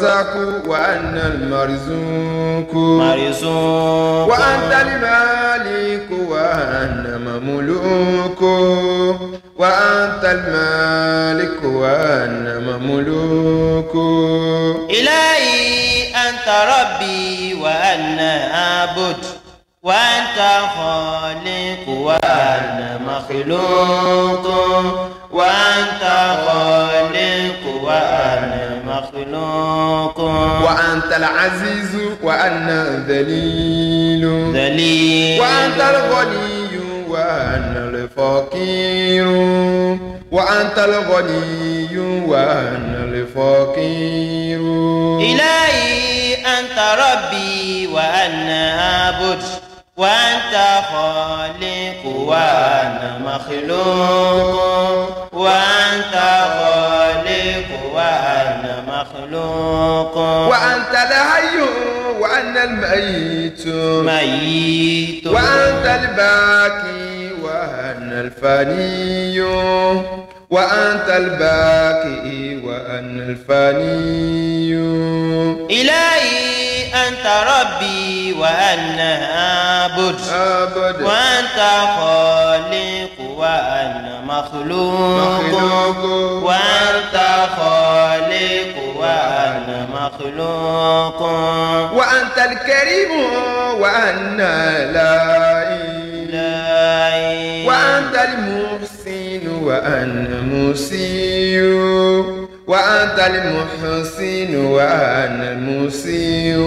الرزاق وأنا المرزوق مرزوق وأنت المالك وأنا مملوك وأنت المالك وأنا مملوك إلهي أنت ربي وأنا أعبد وأنت خالق وأنا مخلوق وأنت wa anta al-azizu wa anna dhalilu. dhalilu. wa anta al-ghaniyu wa anna al-faqiru. wa anta al-ghaniyu wa anna al-faqiru. ilahi anta rabbi wa anna abud. وأنت خالق وأنا مخلوق وأنت خالق وأنا مخلوق وأنت الحي وأنا الميت ميت وأنت الباقي وأنا الفاني وأنت الباقي وأنا الفاني إلهي أنت ربي وأنا عبد وأنت خالق وأنا مخلوق وأنت خالق وأنا مخلوق وأنت الكريم وأنا لا وأنت المحسن وأنا مسيء وأنت المحسن وأنا المسيء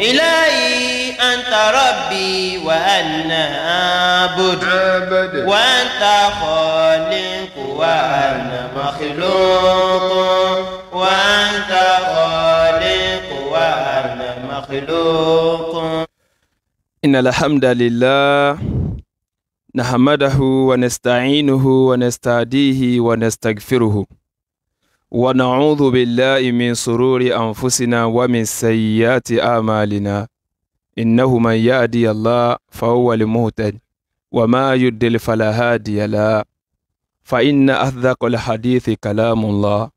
إلهي أنت ربي وأنا عبد عبد وأنت خالق وأنا مخلوق وأنت خالق وأنا مخلوق إن الحمد لله نحمده ونستعينه ونستهديه ونستغفره ونعوذ بالله من سرور أنفسنا ومن سيئات أعمالنا إنه من يهدي الله فهو المهتد وما يدل فلا هادي له فإن أصدق الحديث كلام الله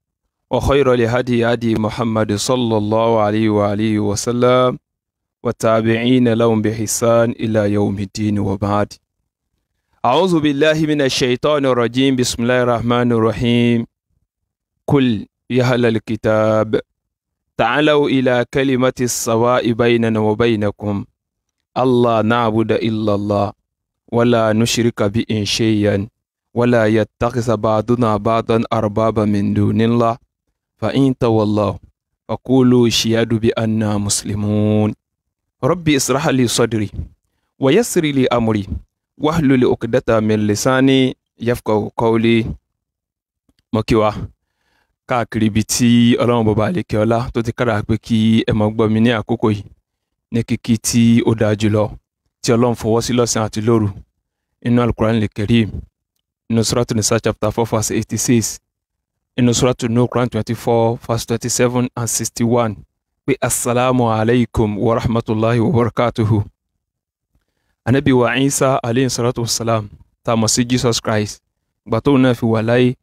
وخير لهدي هدي محمد صلى الله عليه وآله وسلم والتابعين لهم بإحسان إلى يوم الدين وبعد أعوذ بالله من الشيطان الرجيم بسم الله الرحمن الرحيم قل يا أهل الكتاب تعالوا إلى كلمة السواء بيننا وبينكم الله نعبد إلا الله ولا نشرك به شيئا ولا يتخذ بعضنا بعضا أربابا من دون الله فإن تولوا فقولوا شهادوا بأننا مسلمون ربي اسرح لي صدري ويسر لي أمري واحلل عقدة من لساني يفقه قولي مكيوه káàkiri ibi tí ọlọ́run bọba àlékè ọlá tó ti kára pé kí ẹ mọ̀ gbọ́ mi ní àkókò yìí ní kíkí tí ó dáa jùlọ tí ọlọ́run fọwọ́ sí lọ́sàn-án àti lóru inú alukurani lè kéré inú suratu nisa chapter four verse eighty six inú suratu nu quran twenty four verse twenty seven and sixty one pé asalaamu alaykum wa rahmatulahi wa barakatuhu anabi wa isa aleyhi salatu wa salam tá jesus christ gbàtóun náà fi wà láyé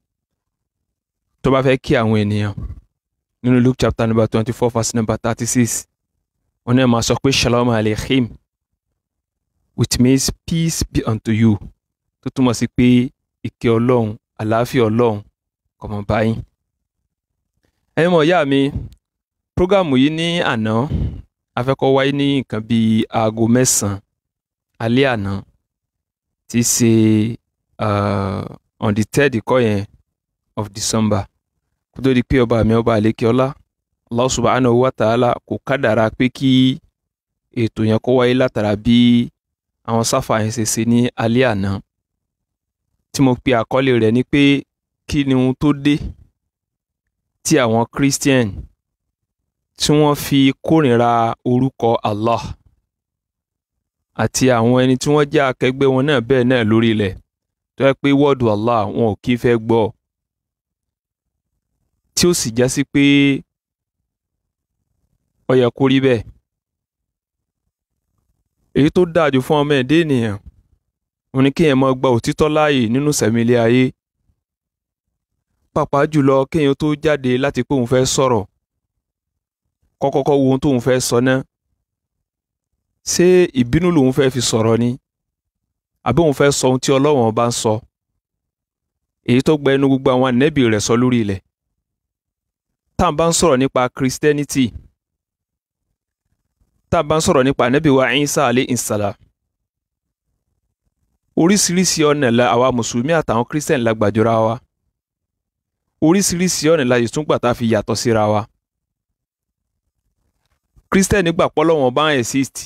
tó bá fẹ́ kí àwọn ènìyàn nínú Luke chapter number twenty four verse number thirty six wọn náà máa sọ pé shalom aleichem which means peace be unto you tó túmọ̀ sí pé ìkẹ́ ọlọ́run àlàáfíà ọlọ́run kó máa bá yín. ẹ̀yin mọ̀ ìyá mi prógámù yìí ní àná a wáyé ní nǹkan bíi aago mẹ́sàn-án alẹ́ àná tí í ṣe uh, on the third kọ́ yẹn of December kó tó di pé ọba mi ọba àlékè ọlá Allah subhanahu wa ta'ala kò kádàrá pé kí ètò yẹn kó wáyé látara bí àwọn sáfà yẹn ṣe ṣe ní alẹ́ àná tí mo pe àkọlé rẹ̀ ni pé kí ni ohun tó dé tí àwọn Christian tí wọ́n fi kórìíra orúkọ Allah àti àwọn ẹni tí wọ́n jẹ́ akẹgbẹ́ wọn náà bẹ́ẹ̀ náà lórí ilẹ̀ tó yẹ pé wọ́ọ̀dù Allah wọn ò kí fẹ́ gbọ́ ọ tí ó sì já sí pé ó yẹ kó rí bẹ́ẹ̀ èyí tó dáa jù fún ọmọ ẹ̀dá ènìyàn òun ni kéèyàn máa gba òtítọ́ láàyè nínú sẹ̀mílẹ̀ ayé pàápàá jùlọ kéèyàn tó jáde láti pé òun fẹ́ sọ̀rọ̀ kọ́kọ́kọ́ wo ohun tóun fẹ́ sọ náà ṣé ìbínú lòun fẹ́ fi sọ̀rọ̀ ni àbí òun fẹ́ sọ ohun tí Ọlọ́run bá ń sọ èyí tó gba ẹnu gbogbo àwọn ànẹ́bì rẹ̀ sọ lórí ilẹ̀ tá à ń bá ń sọ̀rọ̀ nípa christianity tá à ń bá ń sọ̀rọ̀ nípa ànábì wa Isa alayhi salam oríṣiríṣi ọ̀nà la àwa mùsùlùmí àtàwọn christian la gbàjọra wa oríṣiríṣi ọ̀nà la yìí tún gbà fi yàtọ̀ síra wa christian gbà pọ́lọ́wọ́n bá ń exist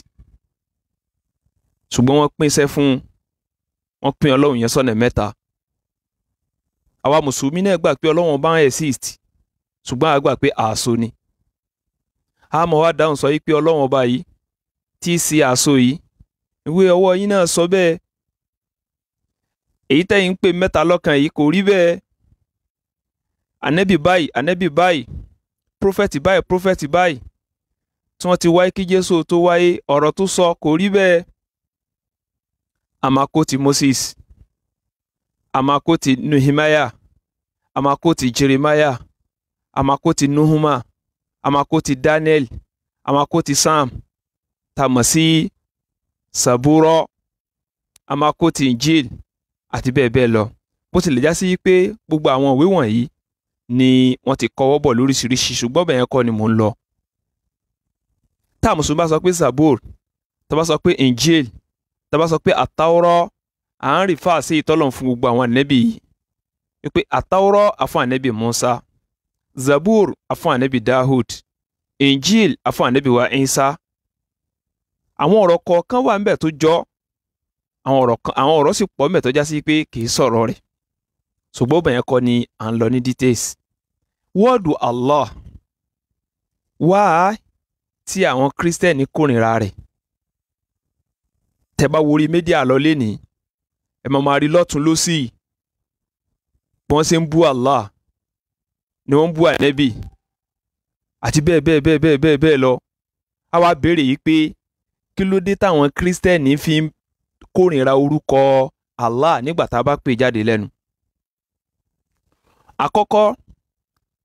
ṣùgbọ́n wọ́n pín iṣẹ́ fún wọ́n pín ọlọ́run yẹn sọ́nà mẹ́ta àwa mùsùlùmí náà gbà pé ọlọ́run bá ń exist ṣùgbọ́n àgbà pé àṣọ ni àmọ́ wá dáhùn sọ yìí pé ọlọ́run ọba yìí tí í ṣe àṣọ yìí ìwé ọwọ́ yín náà sọ bẹ́ẹ̀ èyí tẹ́yìn ń pè mẹ́ta lọ́kan yìí kò rí bẹ́ẹ̀ ànẹ́bì báyìí ànẹ́bì báyìí prófẹ́tì báyìí prófẹ́tì báyìí tí wọ́n ti wáyé kí Jésù tó wáyé ọ̀rọ̀ tó sọ kò rí bẹ́ẹ̀ àmàkó ti Moses àmàkó ti Nehemiah àmàkó ti Jeremiah amakoti nuhuma amakoti daniel amakoti sam tamasi saburọ amakoti injil àti bẹ́ẹ̀ bẹ́ẹ̀ lọ bó tilẹ̀ já sí pé gbogbo àwọn ìwé wọ̀nyí ni wọ́n ti kọ́wọ́ bọ̀ lóríṣiríṣi ṣùgbọ́n bẹ̀yẹn kọ́ ni mò ń lọ. tá a mùsùlùmí bá sọ pé zabur tá a bá sọ pé injil tá a bá sọ pé àtàwọ́rọ́ à ń rìfà sí ìtọ́lọ̀ fún gbogbo àwọn ànẹ́bì yìí wípé àtàwọ́rọ́ àfún ànẹ́bì Musa zabur afún ànábì dahud injil afún ànábì wa isa àwọn ọ̀rọ̀ kọ̀ọ̀kan wà ńbẹ̀ tó jọ àwọn ọ̀rọ̀ kan àwọn ọ̀rọ̀ sì pọ̀ ńbẹ̀ tó já sí pé kì í sọ̀rọ̀ rẹ̀ ṣùgbọ́n bẹ̀yẹn kọ́ ni à ń lọ ní details wọ́ọ̀dù allah wá tí àwọn kírísítẹ́nì kórìíra rẹ̀ tẹ́ bá wo lọ lénìí ẹ máa máa rí lọ́tún lọ́sì bí wọ́n ṣe ń bú allah ni wọ́n ń bú ànẹ́bì àti bẹ́ẹ̀ bẹ́ẹ̀ bẹ́ẹ̀ bẹ́ẹ̀ bẹ́ẹ̀ bẹ́ẹ̀ lọ a wá béèrè yìí pé kí ló dé táwọn kírísítẹ́nì fi ń kórìíra orúkọ Allah nígbà tá a bá pè jáde lẹ́nu. àkọ́kọ́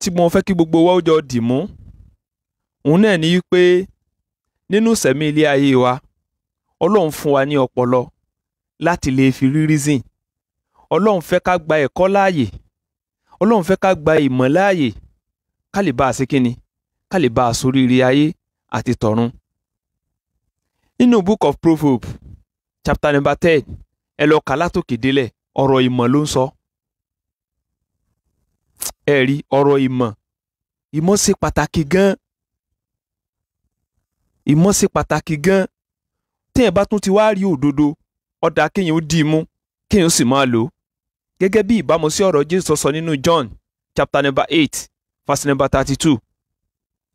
tí mo fẹ́ kí gbogbo wa jọ dì mú òun náà ni pé nínú sẹ̀mí ilé ayé wa ọlọ́run fún wa ní ọpọlọ láti lè fi rí reason ọlọ́run fẹ́ ká gba ẹ̀kọ́ láàyè ọlọ́run fẹ́ ká gba ìmọ̀ láàyè ká lè bá a ṣe kíni ká lè bá a soríire ayé àti tọ̀run. nínú book of Proverbs chapter number ten ẹ lọ kà látòkè délẹ̀ ọ̀rọ̀ ìmọ̀ ló ń sọ. ẹ rí ọ̀rọ̀ ìmọ̀ ìmọ̀ ṣe pàtàkì gan-an ìmọ̀ ṣe pàtàkì gan-an téèyàn bá tún ti wá rí òdodo ọ̀dà kéèyàn ó dì í mú kéèyàn sì máa lò ó gẹ́gẹ́ bí ìbámu sí ọ̀rọ̀ Jésù sọ nínú John chapter number eight verse number thirty two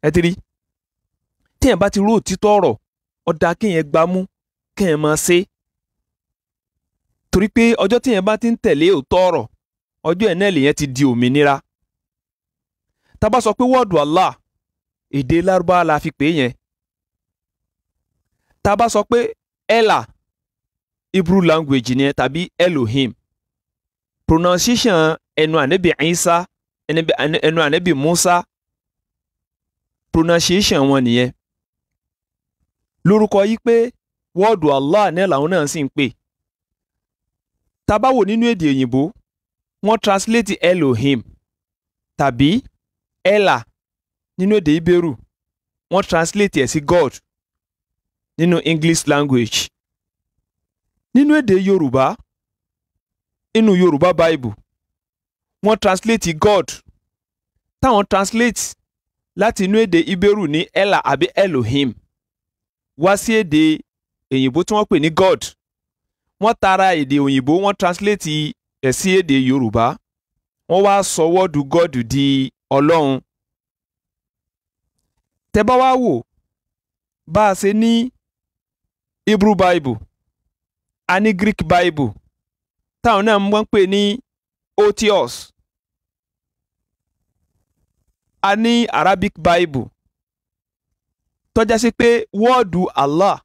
ẹ ti rí téèyàn bá ti rú òtítọ́ ọ̀rọ̀ ọ̀dà kéèyàn gbámú kéèyàn máa ṣe torí pé ọjọ́ téèyàn bá ti ń tẹ̀lé òótọ́ ọ̀rọ̀ ọjọ́ ẹ̀ náà lèyẹn ti di òmìnira tá a bá sọ pé wọ́ọ̀dù Allah èdè lárúbáwá la fi pè é yẹn tá a bá sọ pé ella hebrew language yẹn tàbí elohim pronunciation ẹnu ànábì Isa ẹnu ànábì Musa pronunciation wọn nìyẹn lórúkọ yìí pé wọ́ọ̀dù Allah náà làwọn náà sì ń pè tá nínú èdè òyìnbó wọ́n translate Elohim tàbí Ella nínú èdè Ìbérù wọ́n translate ẹ̀ sí God nínú English language nínú èdè Yorùbá nínú yorùbá bible wọ́n translate god táwọn translate láti inú èdè ibérù ní ella àbí elohim wá sí èdè òyìnbó tí wọ́n pè ní god wọ́n tara èdè òyìnbó wọ́n translate ẹ̀ sí èdè yorùbá wọ́n wá sọ wọ́ọ̀dù god di ọlọ́run tẹ́ bá wá wò bá a ṣe ní hebrew bible a ní greek bible táwọn náà wọ́n ń pè ní otios a ní Arabic Bible tó já sí pé wọ́ọ̀dù Allah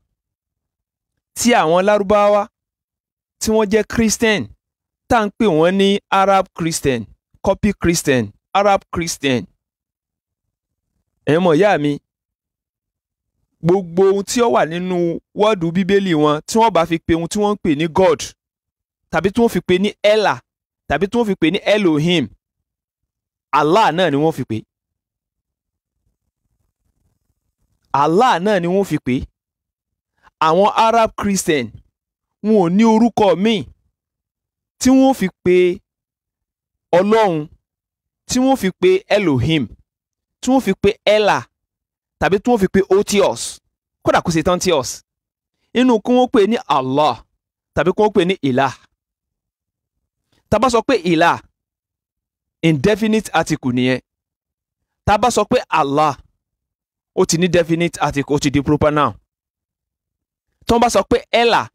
tí àwọn lárúbáwá tí wọ́n jẹ́ Christian tá à ń pè wọ́n ní Arab Christian copy Christian Arab Christian ẹ̀yin mọ̀ ìyá mi gbogbo ohun tí ó wà nínú wọ́ọ̀dù bíbélì wọn tí wọ́n bá fi pe ohun tí wọ́n ń pè ní God tàbí tí wọ́n fi pè ní ella tàbí tí wọ́n fi pè ní elohim allah náà ni wọ́n fi pè allah náà ni wọ́n fi pè àwọn arab christian wọn ò ní orúkọ míì tí wọ́n fi pè ọlọ́run tí wọ́n fi pè elohim tí wọ́n fi pè ella tàbí tí wọ́n fi pè otios kódà kò ṣe tán tios inú kí wọ́n pè ní allah tàbí kí wọ́n pè ní ilah tá a bá sọ pé ìlà indefinite article nìyẹn tá a sọ pé Allah ó ti ní definite article ó ti di proper noun tó bá sọ pé ella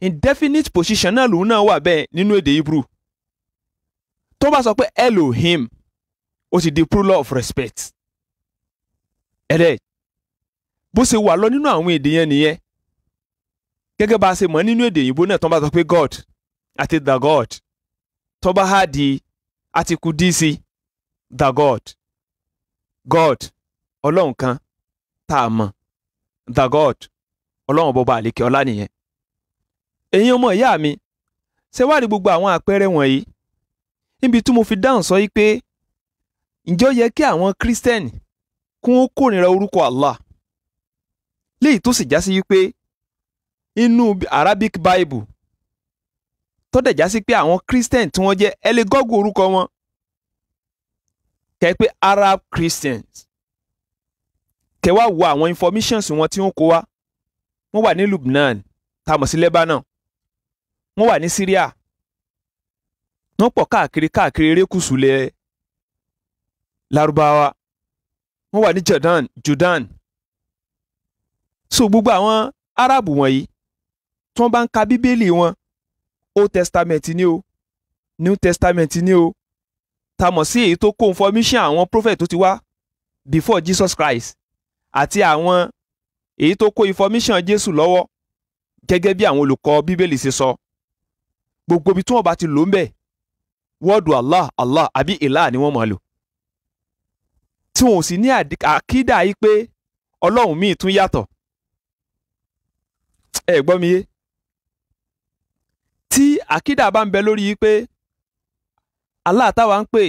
indefinite position náà lòun náà wà bẹ́ẹ̀ nínú èdè Hebrew tó bá sọ pé Elohim ó ti di plural of respect ẹ̀rẹ́ bó ṣe wà lọ nínú àwọn èdè yẹn nìyẹn gẹ́gẹ́ bá a ṣe mọ̀ nínú èdè òyìnbó náà tó bá sọ pé God àti the God tó bá há atiku dí sí the God God ọlọ́run kan tá a mọ̀ the God ọlọ́run bọba àlékè ọlá nìyẹn ẹ̀yin ọmọ ìyá mi ṣe wàá rí gbogbo àwọn àpẹẹrẹ wọ̀nyí níbi tí mo fi dáhùn sọ yìí pé ǹjẹ́ yẹ kí àwọn kírísítẹ́nì kún ó kórìíra orúkọ Allah léyìí tó sì já sí wípé inú Arabic Bible tó dẹ̀ já sí pé àwọn christian tí wọ́n jẹ́ ẹ orúkọ wọn kẹ́ pé arab christians kẹ́ wá wo àwọn informations wọn tí wọ́n kó wá wọ́n wà ní Lebanon tá a mọ̀ sí Lebanon wọ́n wà ní Syria wọ́n pọ̀ káàkiri káàkiri erékùsù lẹ̀ Lárúbáwá wọ́n wà ní Jordan Jordan so gbogbo àwọn Arab wọ̀nyí tí wọ́n bá ń ka Bíbélì wọn old testament ni o new testament ni o ta mọ̀ sí èyí tó kó information àwọn prophet tó ti wá before jesus christ àti àwọn èyí tó kó information jésù lọ́wọ́ gẹ́gẹ́ bí àwọn olùkọ́ bíbélì ṣe sọ gbogbo ibi tí wọ́n bá ti lò ń bẹ̀ wọ́ọ̀dù allah allah àbí ìlà ni wọ́n máa lò tí wọn ò sì ní àkídà yìí pé ọlọ́run míì tún yàtọ̀ ẹ gbọ́ mi yé tí àkídà bá ń bẹ lórí yìí pé Allah táwa ń pè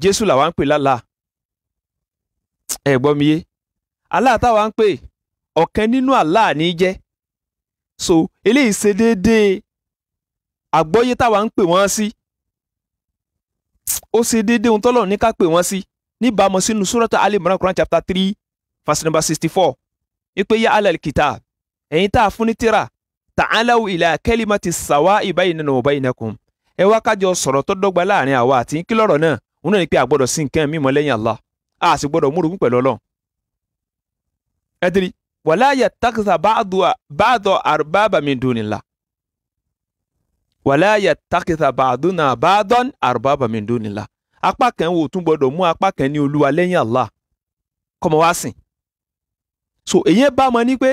Jésù làwa ń pè lálàá ẹ gbọ́ mi yé Allah táwa ń pè ọ̀kan nínú Allah ní jẹ́ so eléyìí ṣe déédéé àgbọ́yé táwa ń pè wọ́n sí ó ṣe déédéé ohun tọ́lọ̀ ní ká pè wọ́n sí níbàámu sínú Suratu Ali Quran chapter three verse number sixty four Ipe yá alal kitab ẹ̀yin tá a fún ní tírà ta'alaw ila kalimati sawa'i baynana wa baynakum ẹ wá kájọ sọ̀rọ̀ tó dọ́gba láàrin àwa àti kí lọ́rọ̀ náà òun náà ni pé a gbọ́dọ̀ sí nǹkan mímọ́ lẹ́yìn Allah a sì gbọ́dọ̀ múrogún pẹ̀lú Ọlọ́run. ẹ dirí wala yattakhidha ba'du arbaba min dunillah wala yattakhidha ba'duna ba'dan arbaba min dunillah apá kan wo tún gbọ́dọ̀ mú apá kan ní Olúwa lẹ́yìn Allah kọ́mọ wá sìn. so èyí bá mọ ní pé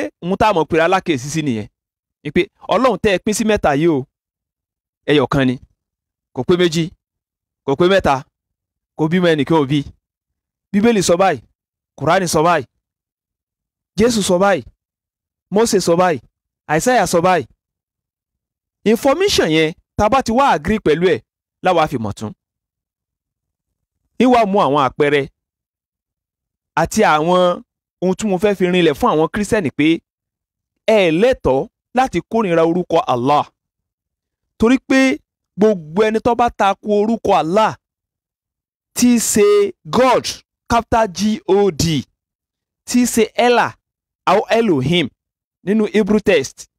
pé ọlọ́run tẹ́ ẹ pín sí mẹ́ta yìí o ẹyọ kan ni kò pé méjì kò pé mẹ́ta kò bímọ ẹnìkan ò bí bíbélì sọ báyìí kùránì sọ báyìí jésù sọ báyìí mósè sọ báyìí àìsáyà sọ báyìí information yẹn tá a bá ti wá àgírí pẹ̀lú ẹ̀ láwa fi mọ̀ tún ìwà mú àwọn àpẹẹrẹ àti àwọn ohun tí mo fẹ́ fi rinlẹ̀ fún àwọn kírísítẹ́nì pé ẹ lẹ́tọ̀ọ́ láti kórìíra orúkọ Allah torí pé gbogbo ẹni tó bá orúkọ Allah tí í ṣe God capital G-O-D tí í ṣe Ella àwọn Elohim nínú Hebrew text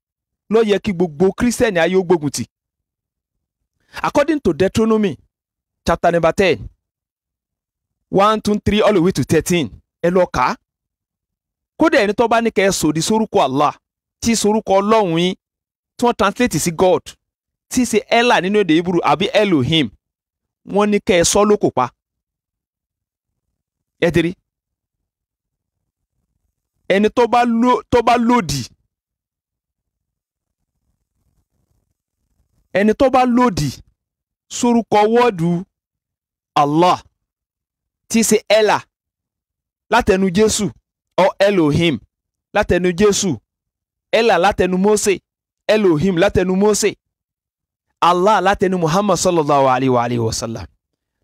ló yẹ kí gbogbo Christian ayé ó gbógun tì according to Deuteronomy chapter number ten one two three all the way to thirteen ẹ lọ kà á kódà ẹni tó bá ní kẹ́ ẹ sòdì sórúkọ Allah tí sorúkọ ọlọ́run yín tí wọ́n translate sí God tí í ṣe ella nínú èdè hebrew àbí elohim wọ́n ní kẹ́ ẹ sọ lóko pa ẹ ti rí ẹni tó bá lòdì ẹni tó bá lòdì sórúkọ wọ́ọ̀dù Allah tí í ṣe ella látẹnu Jésù ọ Elohim látẹnu Jésù ella látẹnu Mósè Elohim látẹnu Mósè Allah látẹnu Muhammad sallallahu alayhi wa alayhi wa sallam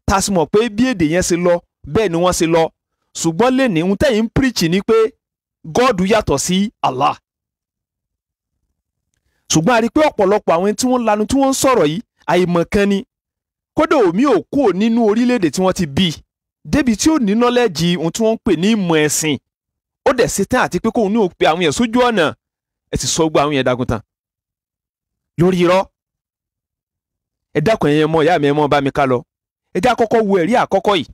tá a sì mọ̀ pé bí èdè yẹn ṣe lọ bẹ́ẹ̀ ni wọ́n ṣe lọ ṣùgbọ́n lẹ́ni ń tẹ̀yìn ń píríkì ni pé gọ́ọ̀dù yàtọ̀ sí Allah ṣùgbọ́n a rí i pé ọ̀pọ̀lọpọ̀ àwọn tí wọ́n lanu tí wọ́n ń sọ̀rọ̀ yìí àìmọ̀kan ni kódà omi ò kúrò nínú orílẹ̀-èdè tí wọ́n ti bí i débi tí ó ní nọ́lẹ́jì ohun tí wọ́n ń pè ní ìmọ̀ ẹ̀sìn ó dẹ̀ ṣetán àti pé kóun ní òpin àwọn yẹn sójú ọ̀nà ẹ sì sọ gbogbo àwọn yẹn dagun tán lórí irọ́ ẹ dákun ẹ̀yẹ mọ ìyá mi ẹ mọ bá mi ká lọ ẹ jẹ́ àkọ́kọ́ wo ẹ̀rí àkọ́kọ́ yìí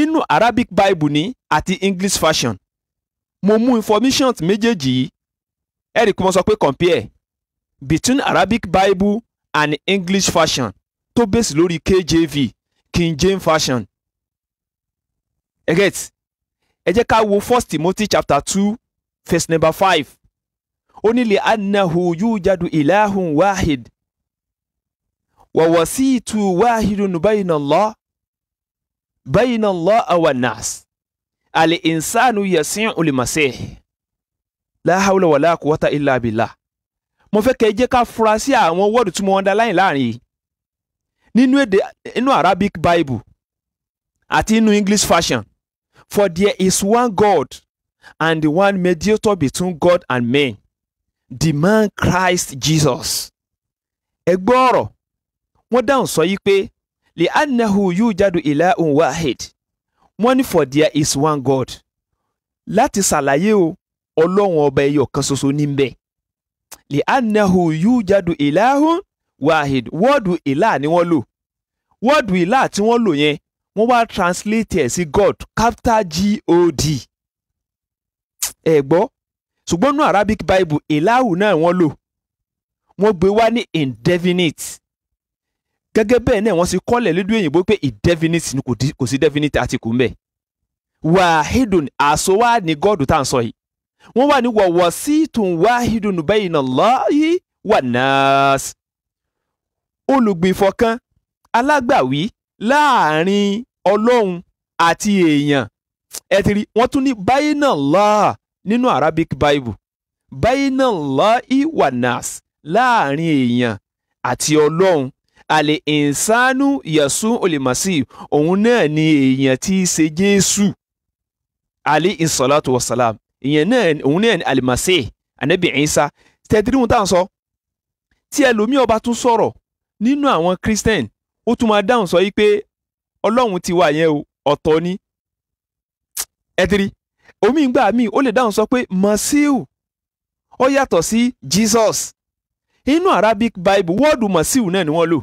inú Arabic Bible ní àti English fashion. mo mú information méjèèjì yìí Eric rí mo sọ pé compare between Arabic Bible and English fashion. tó bèsì lórí KJV King James fashion. ẹ get ẹ jẹ́ ká wo First Timothy chapter two verse number five ó ní li annahu yujadu ilahun wahid wa wasitu wahidun bayna Allah bayna Allah wa nas al insanu yasi'u li masih la hawla wa la quwwata illa billah mo fẹ́ kẹ́ jẹ́ ká fura sí àwọn wọ́ọ̀dù tí mo underline láàrin yìí nínú èdè nínú Arabic Bible àti nínú English fashion. for there is one God and one mediator between God and men Demand Christ Jesus ẹ gbọ́ ọ̀rọ̀ wọ́n dáhùn sọ yìí pé li annahu yujadu ilahun wahid wọ́n ní for there is one God láti ṣàlàyé o ọlọ́run ọba ẹyọ kan ṣoṣo níbẹ̀ li annahu yujadu ilahun wahid wọ́ọ̀dù ìlà ni wọ́n lò wọ́ọ̀dù ìlà tí wọ́n lò yẹn wọ́n wá translate ẹ̀ sí God capital G-O-D ẹ̀ gbọ́ ṣùgbọ́n ní Arabic Bible ìláhù náà wọ́n lò wọ́n gbé wá ní indefinite gẹ́gẹ́ bẹ́ẹ̀ náà wọ́n sì kọ́lẹ̀ lédè òyìnbó pé indefinite ni kò sí definite article ńbẹ̀ wàhídùn àṣọ wa ní gọ́ọ̀dù tá à ń sọ yìí wọ́n wà ní wọ̀wọ̀ sí tùn wàhídùn bẹ́yìn náà lọ́yìí wà nọ́ọ̀sì olùgbìnfọ̀ kan alágbàwí láàrin ọlọ́run àti èèyàn ẹ ti rí wọ́n tún ní báyìí náà lọ́ọ̀ nínú Arabic Bible bayina Allahi wa nas láàrin èèyàn àti Ọlọ́run àlè ìsánú yẹ̀sù olèmọ̀sí òun náà ni èèyàn tí í ṣe Jésù àlè ìsọ̀látò wasalam ìyẹn náà òun náà ni àlèmọ̀sí ànábì Ìsá tẹ̀dírìmù tá à ń sọ tí ẹlòmíì ọba tún sọ̀rọ̀ nínú àwọn Christian ó tún máa dáhùn sọ yìí pé Ọlọ́run ti wà yẹn ọ̀tọ̀ ni ẹ̀dírí omi ìgbà míì ó lè dáhùn sọ pé masiu ó yàtọ̀ sí jesus inú arabic bible wọ́ọ̀dù masiu náà ni wọ́n lò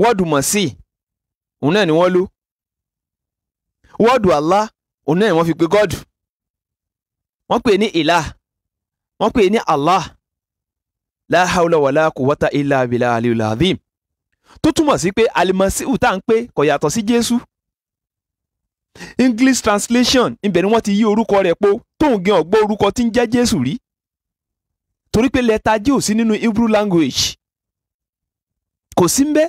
wọ́ọ̀dù masi òun náà ni wọ́n lò wọ́ọ̀dù allah òun náà ni wọ́n fi pe god wọ́n pè ní ilah wọ́n pè ní allah la hawla wala quwwata illa billahi aliyul azim tó túmọ̀ sí pé alimasiu tá à ń pè kò yàtọ̀ sí jésù English translation ibẹ̀ ni wọ́n ti yí orúkọ rẹ̀ po tóun gan ọ̀gbọ́ orúkọ tí ń jẹ́ Jésù rí torí pé lẹ́tà J ò nínú Hebrew language kò sí ń bẹ́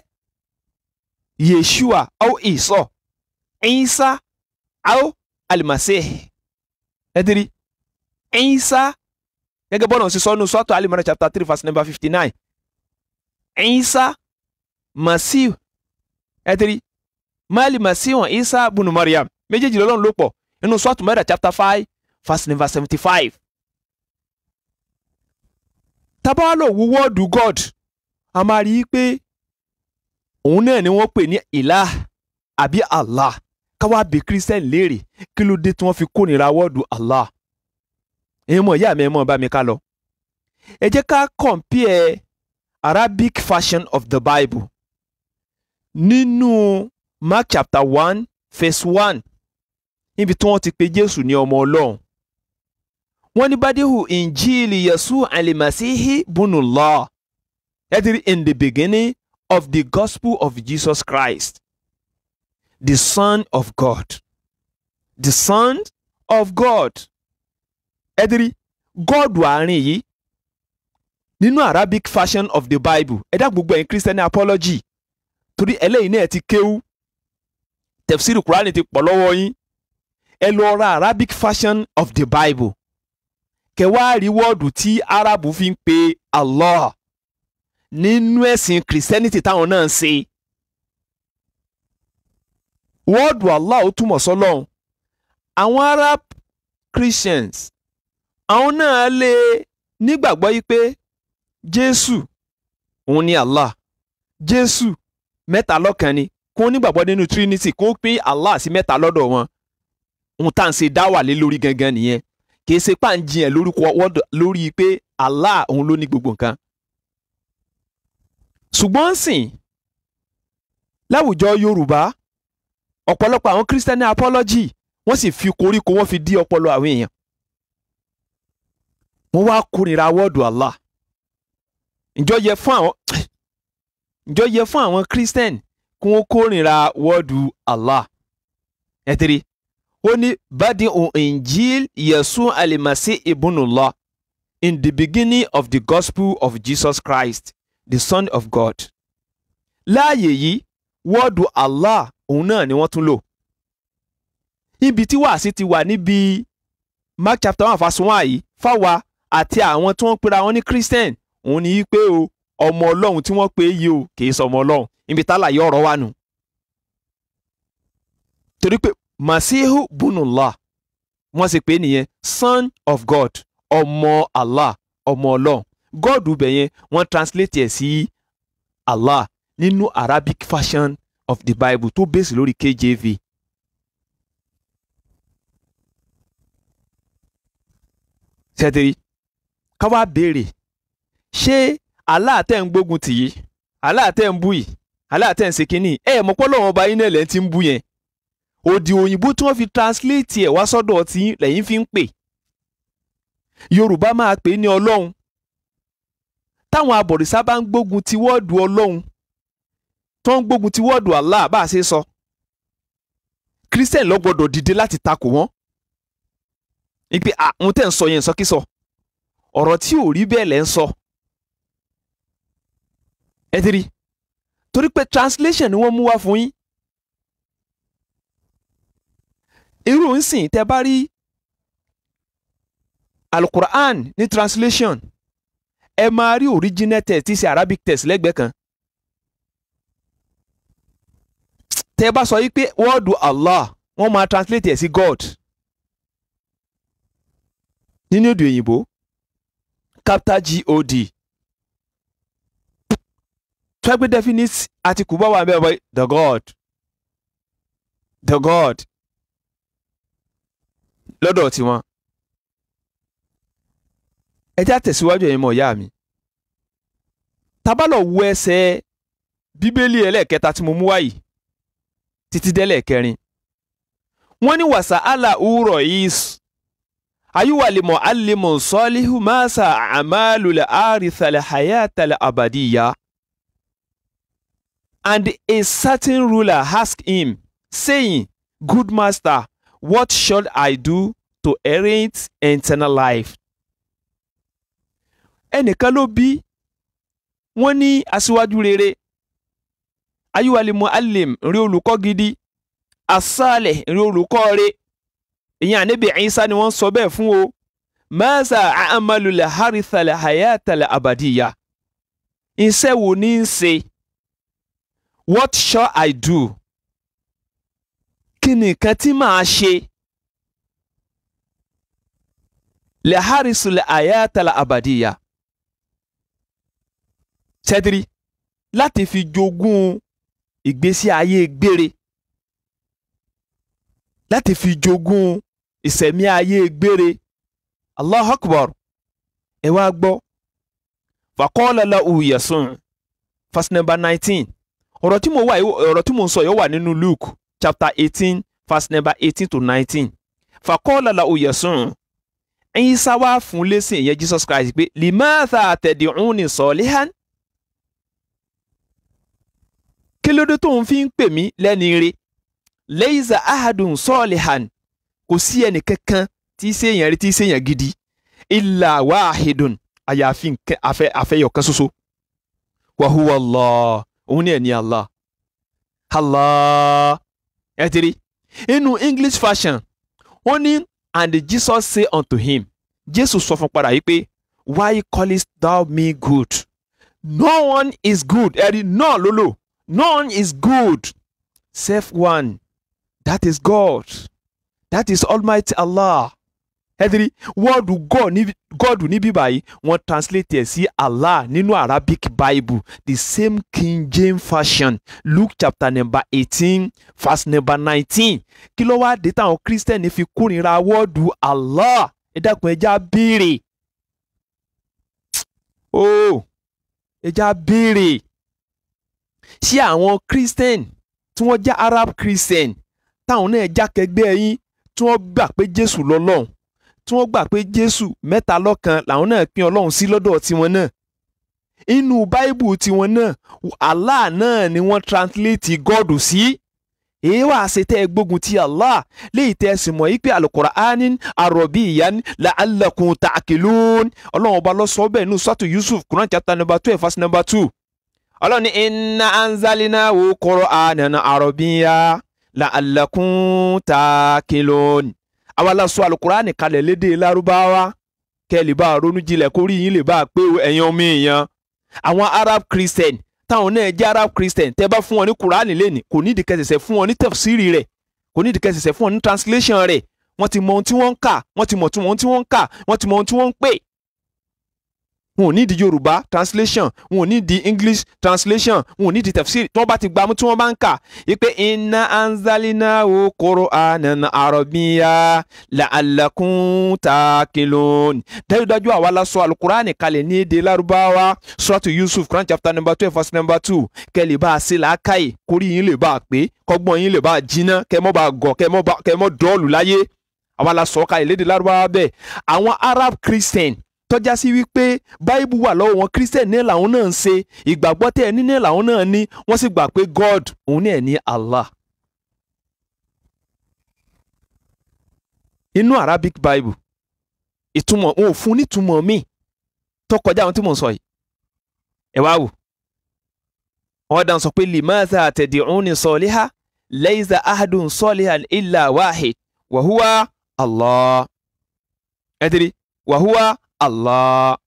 Yeshua au Isọ Isa au Almasih ẹ ti rí Isa gẹ́gẹ́ bọ́ọ̀nà sí sọ́nù sọ́tọ̀ alimọ̀rẹ́ chapter three verse number fifty nine Isa Masiu ẹ ti rí máàlì Masiu Isa bunu Mariam méjèèjì lọ́lọ́run ló pọ̀ nínú sọ́ọ̀tù mẹ́ta chapter five verse number seventy five. tábàá lò wú wọ́ọ̀dù god a máa rí i pé òun náà ni wọ́n pè ní ìlà àbí allah káwá bí christian léèrè kí ló dé tí wọ́n fi kórìíra wọ́ọ̀dù allah. èyí mọ̀ ìyá mi ẹ̀ mọ̀ bá mi ká lọ. ẹ jẹ́ ká compare arabic version of the bible nínú mark chapter one verse one níbi tí wọ́n ti pe jésù ní ọmọ ọlọ́run wọ́n ní badihu injili yasu alimasihi bunullah that in the beginning of the gospel of jesus christ the son of god the son of god ẹdiri god àárín yìí nínú arabic fashion of the bible ẹ̀dá gbogbo ẹ̀yin christian apology torí ẹlẹ́yìn náà ti kéwú tẹ̀fsírì kúránì ti pọ̀ lọ́wọ́ yín ẹ lọ ra Arabic version of the Bible kẹwàá rí wọ́ọ̀dù tí Arab fi ń pe Allah nínú ẹ̀sìn Christianity táwọn náà ń ṣe wọ́ọ̀dù Allah ó túmọ̀ sọ́lọ́hún àwọn Arab Christians àwọn náà lè nígbàgbọ́ yìí pé Jésù òun ni Allah Jésù mẹ́ta lọ́kan ni kó nígbàgbọ́ nínú Trinity kó pín Allah sí mẹ́ta lọ́dọ̀ wọn ohun tá à ń ṣe dá wà lé lórí gangan nìyẹn kì í ṣe pà ń jiyàn lórúkọ wọ́dọ̀ lórí pé Allah òun ló ní gbogbo nǹkan. ṣùgbọ́n sìn láwùjọ Yorùbá ọ̀pọ̀lọpọ̀ àwọn Christian apology wọ́n sì fi koríko wọ́n fi dí ọpọlọ àwọn èèyàn. wọ́n wá kórìíra wọ́ọ̀dù Allah ǹjọ́ yẹ fún àwọn ǹjọ́ yẹ fún àwọn Christian kí wọ́n kórìíra wọ́ọ̀dù Allah ẹ̀ tẹ́rẹ́ ó ní badi injil yesu alimasi ibnullah in the beginning of the gospel of jesus christ the son of god. láàyè yìí wọ́ọ̀dù allah òun náà ni wọ́n tún lò. ibi tí wàásì ti wà níbi mark chapter one verse one yìí fáwa àti àwọn tí wọ́n pera wọn ní christian òun ni yí pé o ọmọ ọlọ́run tí wọ́n pè é yìí o kì í sọ ọmọ ọlọ́run ibi tá láyé ọ̀rọ̀ wà nù. torí pé masihu bunullah wọ́n sì pé nìyẹn son of god ọmọ allah ọmọ ọlọ́run god ibẹ̀ yẹn wọ́n translate ẹ̀ sí allah nínú arabic fashion of the bible tó bẹ́sì lórí kjv. tẹ́tẹ́rì ká wá béèrè ṣé allah tẹ́ ń gbógun tì yìí allah tẹ́ ń bú yìí allah tẹ́ ń ṣe kínní ẹ̀ mọ̀pọ́ lọ́wọ́ ọba yín náà lẹ́ ti ń bú yẹn òdì òyìnbó tí wọ́n fi translate ẹ̀ wá sọ́dọ̀ tí lẹ́yìn fi ń pè yorùbá máa pè é ní ọlọ́run táwọn abọ̀rìṣà bá ń gbógun ti wọ́ọ̀dù ọlọ́run tó ń gbógun ti wọ́ọ̀dù Allah bá a ṣe sọ christian ló gbọ́dọ̀ dìde láti takò wọ́n ìpè àwọn tẹ̀ ń sọ yẹn sọkísọ ọ̀rọ̀ tí ò rí bẹ́ẹ̀ lẹ́ ń sọ ẹ ti ri. torí pé translation ni wọ́n mú wá fún yín irú nsìn tẹ́ bá rí alukur'an ní translation ẹ máa rí original text tí ṣe arabic text lẹ́gbẹ̀ẹ́ kan tẹ́ bá sọ yìí pé wọ́ọ̀dù allah wọ́n máa translate ẹ̀ sí god nínú èdè òyìnbó capital god tẹ́gbẹ́ definite article bá wà bẹ́ẹ̀ bọ́ the god the god lọ́dọ̀ tiwọn. ẹ já tẹ̀síwájú ẹ̀yin mọ̀ ìyá mi. tábàlọ̀ wo ẹsẹ̀ bíbélì ẹlẹ́ẹ̀kẹta tí mo mú wáyìí títí délẹ̀ kẹrin. wọ́n ní wàsà àlà òwúrọ̀ yìí ayúwàlímọ̀ alímọ̀ sọ́ọ́líhù máṣà àmàlùlẹ̀ àrìsàlẹ̀ hayàtàlẹ̀ àbàdìyà. And a certain ruler asked him, saying, Good master, What should I do to inherit eternal life? Ẹnìkan ló bí wọ́n ní aṣíwájú rere ayúwalẹ̀ mu'allim rí olùkọ́ gidi asálẹ̀ rí olùkọ́ re ìyẹn ànábì Ìsá ni wọ́n sọ bẹ́ẹ̀ fún o mẹ́sà àmàlùlẹ̀ hàrìsàlẹ̀ hayatalẹ̀ àbàdìyà iṣẹ́ wo ni ń ṣe What shall I do? kí ni nǹkan tí màá ṣe lẹ́hàrísùlẹ̀ àyàtàlà àbàdìyà ṣẹ́dírí láti fi jogún ìgbésí ayé gbére láti fi jogún ìsẹ̀mí ayé gbére Allahu Akbar ẹ wá gbọ́ fàkọ́ọ́lẹ́lá òòyẹ̀sùn fásitì nàmbà nineteen ọ̀rọ̀ tí mo ń sọ yóò wà nínú Luke chapter 18 verse number 18 to 19 fàkọ́ọ̀lá la òye sùn ẹ̀yin sáwá fún lẹ́sìn ìyẹn Jesus Christ pé limatha àtẹ̀dẹ̀hún salihan kí ló dé tó ń fi ń pè mí lẹ́ni re laysa ahadun salihan kò sí ẹnì kankan tí í ṣèyàn rí tí í ṣèyàn gidi illa wahidun àyàfi àfẹyọ̀kan ṣoṣo wa huwa Allah òun ni ẹ̀ ní Allah Allah ẹ ti rí inú english fashion ó ní and jesus say unto him jésù sọ fún padà yìí pé why callest thou me good no one is good ẹ rí náà ló no one is good save one that is god that is almighty allah ẹtìrí wọ́ọ̀dù gọ́ọ̀dù níbí báyìí wọ́n translate ẹ̀ sí Allah nínú Arabic Bible the same King James version Luke chapter number eighteen verse number nineteen kí ló wáá dé táwọn Christian fi kórìíra wọ́ọ̀dù Allah ẹ dákun ẹ já béèrè ó ẹ já béèrè ṣé àwọn Christian tí wọ́n já Arab Christian táwọn náà já kẹgbẹ́ yín tí wọ́n gbà pé Jésù lọ́lọ́run tí wọ́n gbà pé Jésù mẹ́ta lọ́kan làwọn náà pín Ọlọ́run sí lọ́dọ̀ tiwọn náà inú báíbù tiwọn náà Allah náà ni wọ́n translate God sí èyí wàá ṣe tẹ́ gbógun ti Allah léyìí tẹ́ ẹ sì mọ̀ yìí pé alukur'ani arọ̀bíyan la'allakum ta'qilun ọlọ́run ọba lọ́sọ̀ọ́ bẹ́ẹ̀ ní sọ́tù Yusuf Quran chapter number two verse number two ọlọ́run ni inna anzalina wo la arọ̀bíyan la'allakum akilun àwa la sọ alukurani kalẹ̀ lédè lárúbáwá kẹ́lì bá ronú jinlẹ̀ kórí yín lè bá a pé ẹ̀yin ọmọ èèyàn àwọn arab christian táwọn náà jẹ́ arab christian tẹ́ bá fún wọn ní kurani lẹ́nì kò ní ìdíkẹ́ ṣẹ̀ṣẹ̀ fún wọn ní tẹ̀fsírì rẹ̀ kò ní ìdíkẹ́ fún wọn ní translation rẹ̀ wọ́n ti mọ ohun tí wọ́n ń kà wọ́n ti mọ̀ ohun tí wọ́n ń kà wọ́n ti mọ ohun tí wọ́n ń pè wọn ò ní di yorùbá translation wọn ò ní di english translation wọn ò ní di tafsir tí wọ́n bá ti gba mú tí wọ́n bá ń kà ipe inna anzalina o qur'anan arabiyya la'allakum taqilun dájúdájú àwa la sọ alukurani kalẹ̀ ní èdè larubawa suratu yusuf quran chapter number twelve verse number two kẹ́lẹ̀ bá a ṣe làákàyè kórí yín lè bá a pé kọ́gbọ́n yín lè bá a jiná kẹ́ mọ́ bá a gọ̀ kẹ́ mọ́ dọ́ọ̀lù láyé àwa la lédè larubawa bẹ́ẹ̀ àwọn arab christian tọ́já sí wípé báíbù wà lọ́wọ́ wọn christian náà làwọn náà ń ṣe ìgbàgbọ́ tẹ́ ẹ ní làwọn náà ní wọ́n sì gbà pé god òun náà ní allah. inú arabic bible ìtumọ̀ òun ò fún nítumọ̀ míì tó kọjá àwọn tí mò ń sọ yìí ẹ wá wò wọ́n dáhùn sọ pé limaza àtẹ̀dí òun ni sọ̀líhà laysa ahadun sọ̀líhà illa wahid wa allah ẹ tẹ́lẹ̀ wa huwa Allah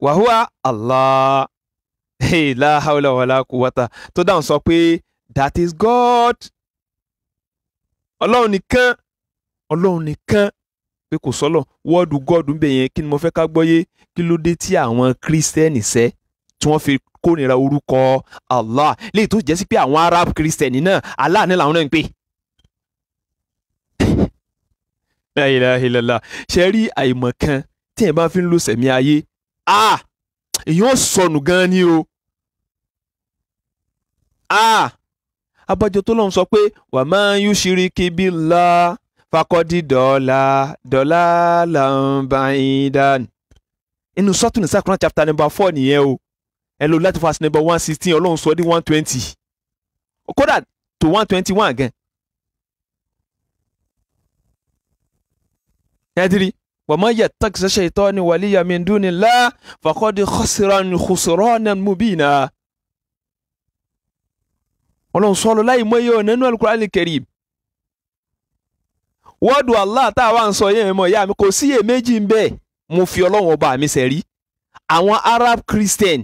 wa Allah hey, la hawla wala quwwata tó dáhùn sọ pé that is God ọlọ́run nìkan ọlọ́run nìkan pé kò sọ́lọ̀ wọ́ọ̀dù gọ́ọ̀dù ń bẹ̀ yẹn kí ni mo fẹ́ ká gbọ́yé kí ló dé tí àwọn kírísítẹ́nì sẹ́ tí wọ́n fi kórìíra orúkọ Allah léyìí tó jẹ́ sí pé àwọn Arab kírísítẹ́nì náà Allah ní làwọn náà ń pè. la ilaha illallah ṣe rí àìmọ̀kan tí èèyàn bá fi ń lo sẹ̀mí ayé ah èèyàn ò sọnù gan ni o ah abájọ tó lọ́n sọ pé wà máa ń yú ṣírí kíbi ńlá fakọ́dí dọ́là dọ́là là inú sọ́tún nìsa kan chapter number four nìyẹn o ẹ lò láti fast number one sixteen ọlọ́run sọ ní one twenty kódà tó one twenty one gan. ẹ dirí وما yattakhidh شيطان waliya min دون الله khasira khusranan mubina. مبينا. sọ́ọ́lọ́ láì mọ iye ọ̀nà القرآن الكريم؟ quran al-Karim wọ́ọ̀dù Allah tá a wá ń sọ yẹn mọ̀ ìyá mi kò síyè méjì ń bẹ́ẹ̀ mo fi ọlọ́run ọba mi sẹ́rí àwọn Arab Christian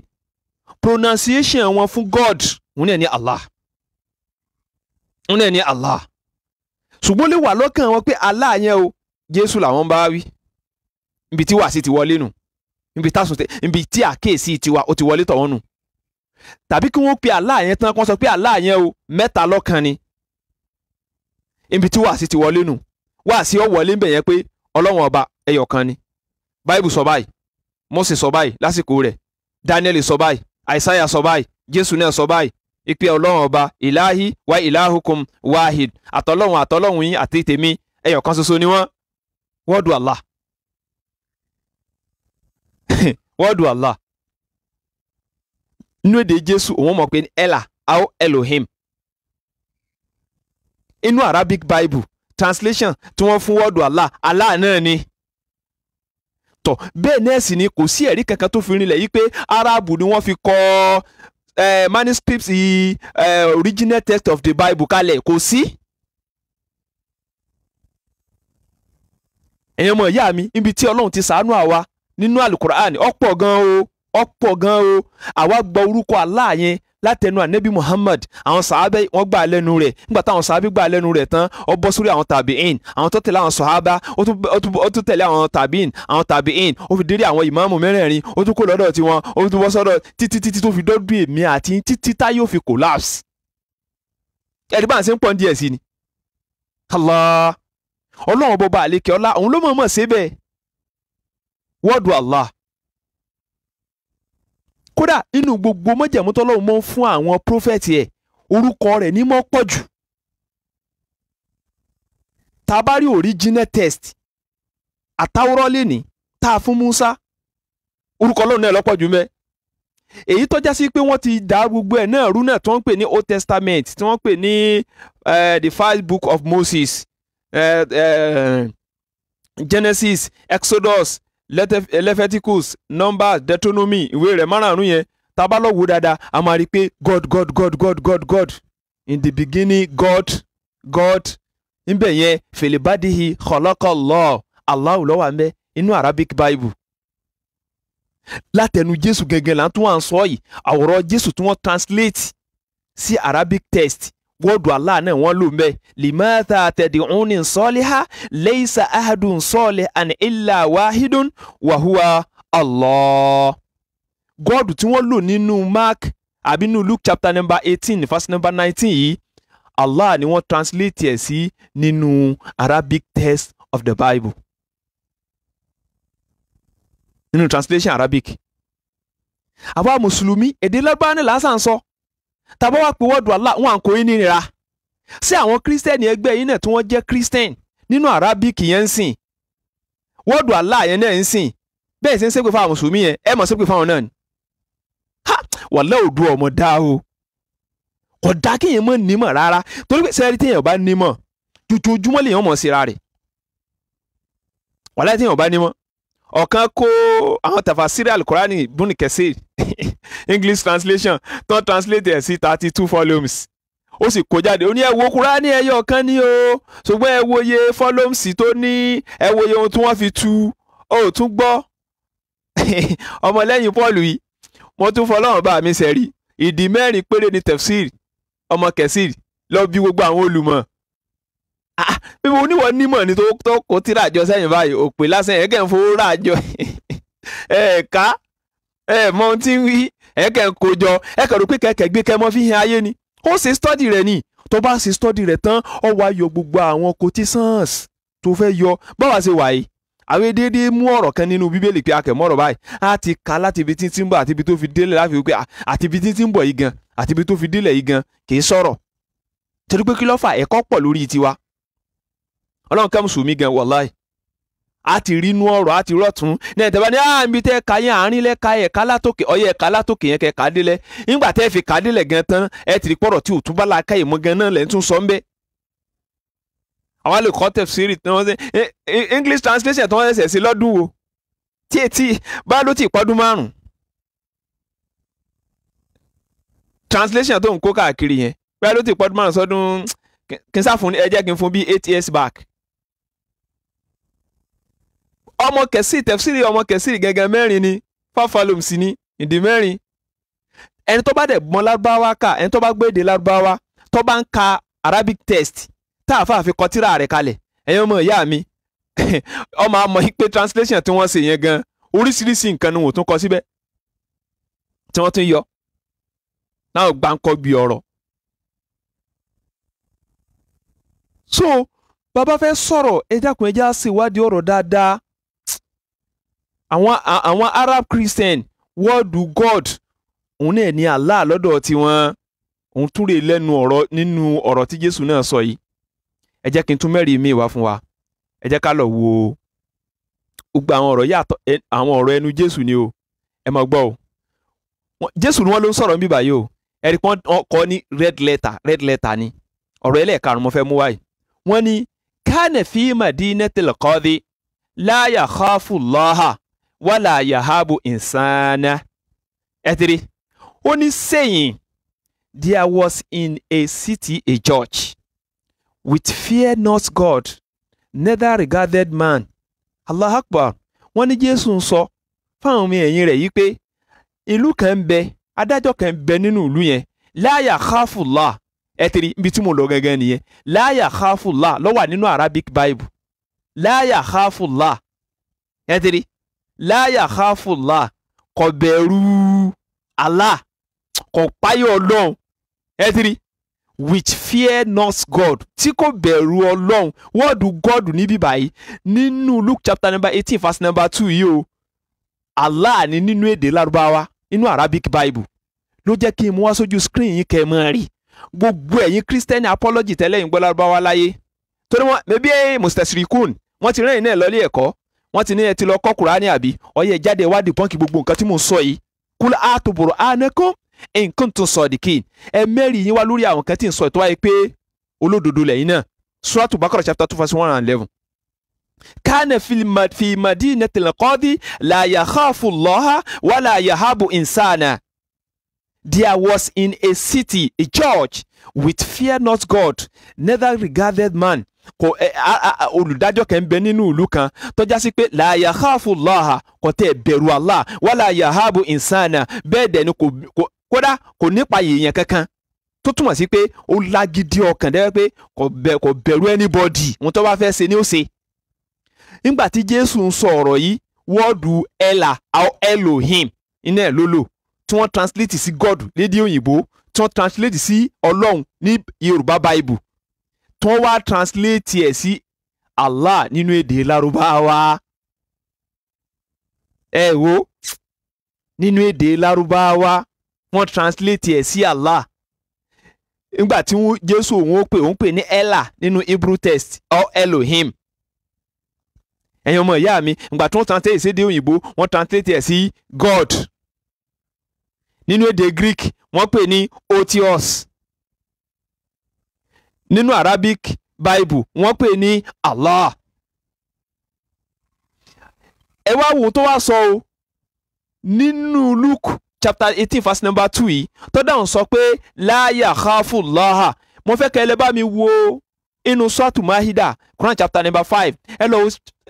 pronunciation wọn fún God wọn náà ní Allah wọn náà ní Allah ṣùgbọ́n lè wà lọ́kàn wọn pé Allah yẹn o Jésù làwọn bá wí ibi tí wàásì ti wọlé nù ibi tásùn ibi tí àkíyèsí tiwa ó ti wọlé tọ̀wọ́n nù tàbí kí wọ́n pe Allah yẹn tán kí wọ́n sọ pé Allah o mẹ́ta lọ́kan ni ibi tí wàásì ti wọlé nù wàásì ó wọlé ń bẹ̀ yẹn pé ọlọ́run ọba ẹyọ kan ni báìbù sọ báyìí mọ́sì sọ báyìí lásìkò rẹ̀ daniel sọ báyìí àìsáyà sọ báyìí jésù náà sọ báyìí ìpè ọlọ́run ọba ìláhi wa ìláhukum wahid àtọ́lọ́run àtọ́lọ́run yín àti tèmi ẹyọ kan ṣoṣo ni wọ́n wọ́ọ̀dù Allah wọ́ọ̀dù Allah nínú èdè Jésù òun mọ̀ pé ella ao Elohim inú Arabic Bible translation tí wọ́n fún wọ́ọ̀dù Allah Allah náà ni tọ̀ bẹ́ẹ̀ náà ni kò sí ẹ̀rí kankan tó fi rinlẹ̀ yìí pé Arabu ni wọ́n fi kọ eh, manuscripts yìí eh, original text of the Bible kalẹ̀ kò sí. ẹ̀yin ọmọ ìyá mi ibi tí Ọlọ́run ti ṣàánú àwa nínú alukur'ani ọ̀pọ̀ gan o ọ̀pọ̀ gan o àwa gba orúkọ Allah yẹn látẹnu anabi muhammad àwọn sàábẹ wọn gbà lẹ́nu rẹ̀ nígbà táwọn sàábẹ gbà lẹ́nu rẹ̀ tán ó bọ́ sórí àwọn tàbíìn àwọn tó tẹ̀lé àwọn sàábà ó tún tẹ̀lé àwọn tàbíìn àwọn tàbíìn ó fi dérí àwọn ìmáàmù mẹ́rẹ̀ẹ̀rin ó tún kó lọ́dọ̀ tiwọn ó tún bọ́ sọ́dọ̀ títí títí tó fi dọ́dún èmi àti títí tá yóò fi collapse. ẹ̀rí bá ń ṣe ń pọ̀ díẹ̀ sí ni. Allah ọlọ́run bọba àlekè ọlá òun ló mọ̀ọ́mọ̀ ṣe bẹ́ẹ̀ wọ́ọ̀dù Allah kódà inú gbogbo mọ́jẹ̀mú tọ́lọ́run mọ́ fún àwọn prófẹ́tì ẹ̀ orúkọ rẹ̀ ní mọ́ pọ̀ jù tá a bá rí original test àtàwọ́rọ́ lẹ́ni tá a fún Musa orúkọ Ọlọ́run náà lọ́pọ̀ jù mẹ́ èyí tọ́já sí pé wọ́n ti dá gbogbo ẹ̀ náà rú náà tí wọ́n pè ní Old Testament tí wọ́n pè ní eh, the first book of Moses uh, uh, Genesis Exodus leviticus numbers deuteronomy ìwé rẹ̀ márààrún yẹn tá a bá lọ wò dáadáa a máa rí i pé god god god god god god in the beginning god god níbẹ̀ yẹn fèlèbádìhì kọ̀lọ́kọ̀lọ́ Allah ló wà ńbẹ̀ inú arabic bible látẹnu jésù gẹ́gẹ́ là ń tún wà sọ yìí àwòrán jésù tí wọ́n translate sí arabic text wọ́ọ̀dù Allah náà wọ́n lò mẹ́ limata tẹ̀díhùnì sọ́ọ́líhá laysa ahadun sọ́ọ̀lẹ̀ àni illa wahidun wàhùwà Allah. gọ́ọ̀dù tí wọ́n lò nínú Mark àbí nínú Luke chapter number eighteen verse number nineteen yìí Allah ni wọ́n translate ẹ̀ sí nínú Arabic text of the Bible nínú translation Arabic àwa mùsùlùmí èdè lágbára ni lásán sọ. So tàbá wàá pè wọ́ọ̀dù Allah wọn à ń kó yín nira sí àwọn kírísítẹ́nì ẹgbẹ́ yín náà tí wọ́n jẹ́ kírísítẹ́n nínú arábíkì yẹn ń sìn wọ́ọ̀dù Allah yẹn náà ń sìn bẹ́ẹ̀ sì ń ṣépè fáwọn mùsùlùmí yẹn ẹ mọ̀ ṣépè fáwọn náà ni ha wàlẹ́ òdu ọmọ dá o kò dá kéèyàn mọ̀ nímọ̀ rárá torí pé sẹ́ẹ̀rì téèyàn bá nímọ̀ jojoojúmọ́ lèèyàn mọ̀ síra rẹ̀ wàlẹ́ téèyàn bá nímọ̀ ọ̀kan kó àwọn tafasiri alukurani ibn Kathir English translation tán translate ẹ̀ sí thirty two volumes ó sì kó jáde ó ní ẹ wo kúránì ẹyọ kan ní o ṣùgbọ́n ẹ wo iye fọ́lọ́mùsì tó ní ẹ wo iye ohun tí wọ́n fi tu ó tún gbọ́ ọmọlẹ́yìn Pọ́ọ̀lù yìí wọ́n tún fọlọ́run bá mi ṣẹ̀rí ìdí mẹ́rin péré ní tefsir ọmọ Kathir lọ bí gbogbo àwọn olùmọ̀ bí ah, ah, mo níwọ̀n nímọ̀ ní tó kó tíra àjọ sẹ́yìn báyìí òpè lásán ẹ̀ẹ́kẹ́ ń fowó rà àjọ ẹ̀ẹ́ká ẹ̀ mọ ohun tí ń wí ẹ̀ẹ́kẹ́ ń kojọ ẹ̀ẹ́kẹ́ rò pé kẹ̀kẹ́ gbé kẹ́ fi hàn ayé ni ó ṣe stọ́dì rẹ̀ ni tó bá ṣe stọ́dì rẹ̀ tán ó wá yọ gbogbo àwọn cotisans tó fẹ́ yọ báwa ṣe wà yìí àwọn dédé mú ọ̀rọ̀ kan nínú bíbélì pé akẹ́mọ́rọ̀ báyìí á ti ka láti ibi tí ń bọ̀ àti ibi tó fi délẹ̀ láfi wípé àti ibi tí ń ọlọ́run ká mùsùlùmí gan wàláì a ti rí inú ọ̀rọ̀ a ti rọ̀tún náà tẹ́ bá ní àmì ah, tẹ́ ka yẹn àárín lẹ́ ka ẹ̀ka látòkè ọyẹ ẹ̀ka látòkè yẹn kẹ́ ka délẹ̀ nígbà tẹ́ fi ka délẹ̀ gan tán ẹ ti rí pọ̀rọ̀ tí òtún bá la ká ìmọ̀ gan náà lẹ́ tún sọ ń bẹ́. àwọn lè kọ́ tẹ̀síìrì tí wọ́n ṣe English translation tí wọ́n ṣẹ̀ṣẹ̀ sí lọ́dún wo tí etí bá ló ti pọ́dún márùn-ún translation tó ń kó káàkiri yẹn bá ló ti pọ́dún márùn-ún sọ́dún kí n sáfún ẹ jẹ́ kí n fún bí eight years back ọmọ kẹsì tẹfsiri ọmọ kẹsì gẹ́gẹ́ mẹ́rin ni fáfalùm sì ni ìdí mẹ́rin ẹni tó bá dẹ̀ mọ̀ lárúbáwá kà ẹni tó bá gbéde lárúbáwá tó bá ń ka arabic test tá a fà fi kọ tírà rẹ̀ kalẹ̀ ẹ̀yin ọmọ ìyá mi ọmọ àmọ́ yìí pé translation tí wọ́n ṣe yẹn gan oríṣiríṣi nǹkan ni wọ́n tún kọ síbẹ̀ tí wọ́n tún yọ náà gbáǹkọ́ bí ọ̀rọ̀ so bàbá fẹ́ sọ̀rọ̀ ẹ dákun ẹ já ṣèwádìí ọ̀rọ̀ dáadáa àwọn àwọn arab christian wọ́ọ̀dù god òun náà ní allah lọ́dọ̀ tiwọn òun tún rè lẹ́nu ọ̀rọ̀ nínú ọ̀rọ̀ tí jésù náà sọ yìí ẹ jẹ́ kí n tún mẹ́rin mi wá fún wa ẹ jẹ́ ká lọ wo gbogbo àwọn ọ̀rọ̀ yàtọ̀ àwọn ọ̀rọ̀ ẹnu jésù ni o ẹ máa gbọ́ o jésù ni wọ́n ló ń sọ̀rọ̀ níbí báyìí o ẹ̀rí pọ́n kọ́ ní red letter red letter ni ọ̀rọ̀ ẹlẹ́ẹ̀karùn-ún mo fẹ́ mú wáyìí wọ́n ní kánẹ̀fì màdínẹ́tẹ̀lẹ̀kọ́dé láyà káfù lọ́hà Wala yahabu ìsáná ẹ ti rí ó ní saying there was in a city a church with fear not God neither regarded man allah akbar wọ́n ní jésù ń sọ fáwọn ọmọ ẹ̀yìn rẹ̀ yìí pé ìlú kan ń bẹ adájọ́ kan ń bẹ nínú ìlú yẹn láyà káfùlà ẹ tiri ibi tí mo lọ gangan nìyẹn láyà káfùlà ló wà nínú arabic bible láyà káfùlà ẹ láyà káfùlà kò bẹ̀rù Allah kò páyọ̀ ọlọ́run ẹ ti rí which fear not God tí kò bẹ̀rù ọlọ́run wọ́ọ̀dù God níbí báyìí nínú Luke chapter number eighteen verse number two yìí o Allah ni nínú èdè lárúbáwá nínú Arabic Bible ló jẹ́ kí n mú wá sójú screen yín kẹ́ ẹ mọ́ rí gbogbo ẹ̀yin Christian apology tẹ́lẹ̀ ń gbọ́ lárúbáwá láyé torí wọn mẹ́bí mustachirikun wọ́n ti rán náà lọ́lé ẹ̀kọ́ wọ́n ti ní ẹ ti lọ kọ́ kùránì àbí ọyẹ jáde ìwádìí pọ́ǹkì gbogbo nǹkan tí mò ń sọ yìí kúlẹ̀ àtòbòrò ànákùn nǹkan tó sọ ọ̀dìkì ẹ mẹ́rin yín wá lórí àwọn nǹkan tí ń sọ ètò wáyé pé olódodo lẹ́yìn náà suratu bakara chapter two verse one and eleven. kánà fi madinatil qadi la yakhafu Allaha wala yahabu insana. There was in a city a church which feared not God, neither regarded man kò ẹ olùdájọ́ kẹ́ ń bẹ nínú ìlú kan tọ́já sí pé làyà káfù lọ́ha kò tẹ̀ bẹ̀rù Allah wàlà yahabu insana bẹ́ẹ̀ dẹ̀ ni kò kódà kò nípa èèyàn kankan tó túmọ̀ sí pé ó lágídí ọkàn dẹ́rẹ́ pé kò bẹ̀rù anybody wọn tó bá fẹ́ ṣe ni ó ṣe. nígbà tí Jésù ń sọ ọ̀rọ̀ yìí wọ́ọ̀dù ẹ̀là Elohim iná ẹ̀ ló lò tí wọ́n translate sí God lédè òyìnbó tí wọ́n translate sí Ọlọ́run ní Yorùbá Bible tó wá translate ẹ̀ sí Allah nínú èdè Lárúbáwá ẹ eh, wo nínú èdè Lárúbáwá wọ́n translate ẹ̀ sí Allah nígbà tí Jésù òun ó pè òun pè ní Ella nínú Hebrew text or Elohim ẹ̀yin ọmọ ìyá mi ìgbà tí wọ́n translate ìsédé òyìnbó wọ́n translate ẹ̀ sí God nínú èdè Greek wọ́n pè ní otios nínú Arabic Bible wọ́n pè ní Allah ẹ wá wò tó wá sọ o nínú Luke chapter eighteen verse number two yìí tó dáhùn sọ pé láyà káfù lọ́hà mo fẹ́ kẹ́ ẹ lè bá mi wo inú sọ́ọ̀tù mahida Quran chapter number five ẹ lọ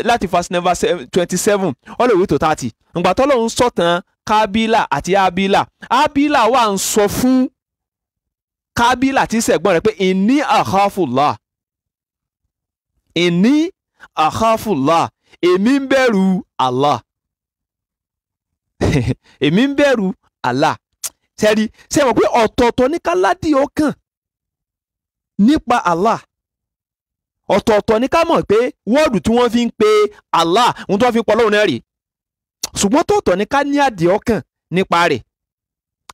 láti verse number twenty seven all the way to thirty ǹgbà tó lóun sọ̀tàn kábílà àti abílà abílà wà ń sọ fún kábílà tí sẹ̀gbọ́n rẹ̀ pé inni akhafullah inni akhafullah èmi ń bẹ̀rù Allah èmi ń bẹ̀rù Allah sẹ́rí ṣe mọ̀ pé ọ̀tọ̀ọ̀tọ̀ ní káládì ọkàn nípa Allah ọ̀tọ̀ọ̀tọ̀ ní ká mọ̀ pé wọ́ọ̀dù tí wọ́n fi ń pe Allah ohun tí wọ́n fi ń pọ̀ lọ́wọ́ náà rèé ṣùgbọ́n tọ̀ọ̀tọ̀ ní ká ní àdìọ́kàn nípa rẹ̀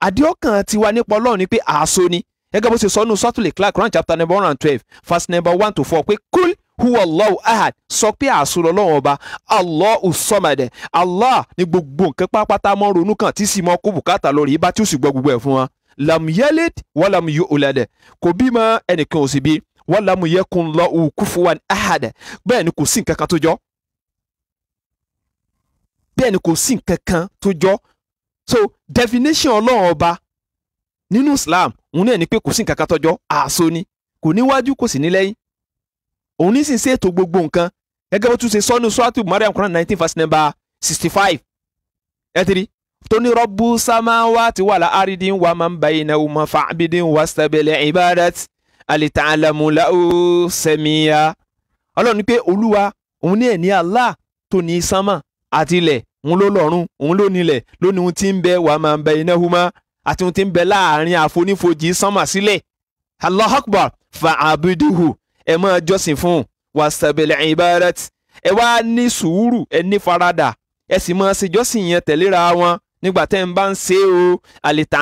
àdìọ́kàn tiwa nípa Ọlọ́run ni pé àásọ ni gẹ́gẹ́ bó ṣe sọ nù sọ́tùlì clark round chapter number one and twelve verse number one to four pé kúl huwa allahu ahad sọ pé àsùrọ̀ lọ́wọ́ ọba allahu sọmadẹ allah ni gbogbo nǹkan pápátá mọ́ ronú kan tí sì mọ́ kó bùkátà lórí ibà tí ó sì gbọ́ gbogbo ẹ̀ fún wọn lam yalid wa lam yu'lad kò bímọ ẹnìkan ò sì bí wa lam yakun lahu kufuwan ahad bẹ́ẹ̀ ni kò sí nǹkan kan tó jọ bẹ́ẹ̀ ni kò sí nǹkan kan tó jọ so definition ọlọ́run ọba nínú Islam òun náà ni pé kò sí nǹkan kan tọ́jọ́ àṣọ ni kò níwájú kò sì ní lẹ́yìn òun ní sì ń ṣètò gbogbo nǹkan gẹ́gẹ́ bó tún ṣe sọ́nù suratu Mariam Quran nineteen verse number sixty five ẹ ti rí tóní rọ́bù samawati wàlà àrídìn wà máa ń bá iná wọ́n fa àbídìn wà sábẹ́lẹ̀ ibadat alitalamula ó sẹ́míya ọlọ́run ní pé olúwa òun ní ẹ̀ Allah tó ní sánmà àti ilẹ̀ òun ló lọ́run òun ló nílẹ̀ lónìí ohun tí ń bẹ wà máa ń bá iná wọ́n àti ohun tí ń bẹ láàrin àfonífojì sánmà sílẹ̀ allah akbar fa abuduhu ẹ máa jọ́sìn fún un wà sàbẹ̀lẹ̀ ibarat ẹ wá ní sùúrù ẹ ní faradà ẹ sì máa ṣe jọ́sìn yẹn tẹ̀léra wọn nígbà tẹ́ ń bá ń ṣe o àlètà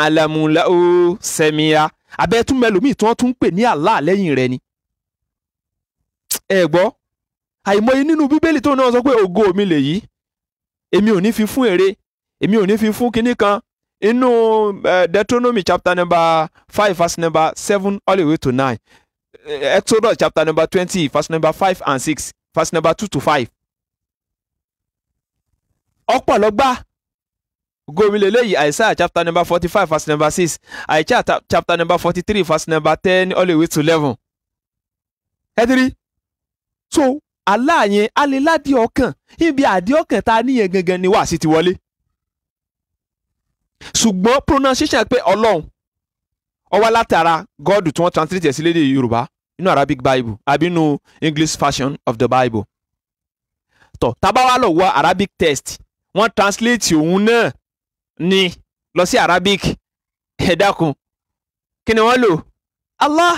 o sẹ́mìíra abẹ́ tí wọ́n tún ń pè ní Allah lẹ́yìn rẹ̀ ni. ẹ gbọ́ àìmọye nínú bíbélì tó náà sọ pé ògo mi lèyí èmi ò ní fi fún èrè èmi ò ní fi fún kinní kan inú Deuteronomy chapter number five verse number seven all the way to nine uh, Exodus chapter number twenty verse number five and six verse number two to five. ọ̀pọ̀lọ́gbà gomile lẹ́yìn Isaiah chapter number forty five verse number six Aisha chapter number forty three verse number ten all the way to eleven. ẹ ti rí so aláàyẹn alẹ́ ọkàn ibi àdìí ọkàn tá a níyẹn gangan ni wàásù ti wọlé. ṣùgbọ́n pronunciation pé ọlọ́run ó wá látara God tí wọ́n translate ẹ̀ sí lédè yorùbá inú arabic bible àbí inú english version of the bible tó tábà wà lọ wọ arabic text wọ́n translate òun náà ni lọ sí arabic ẹ dákun kí ni wọ́n lò allah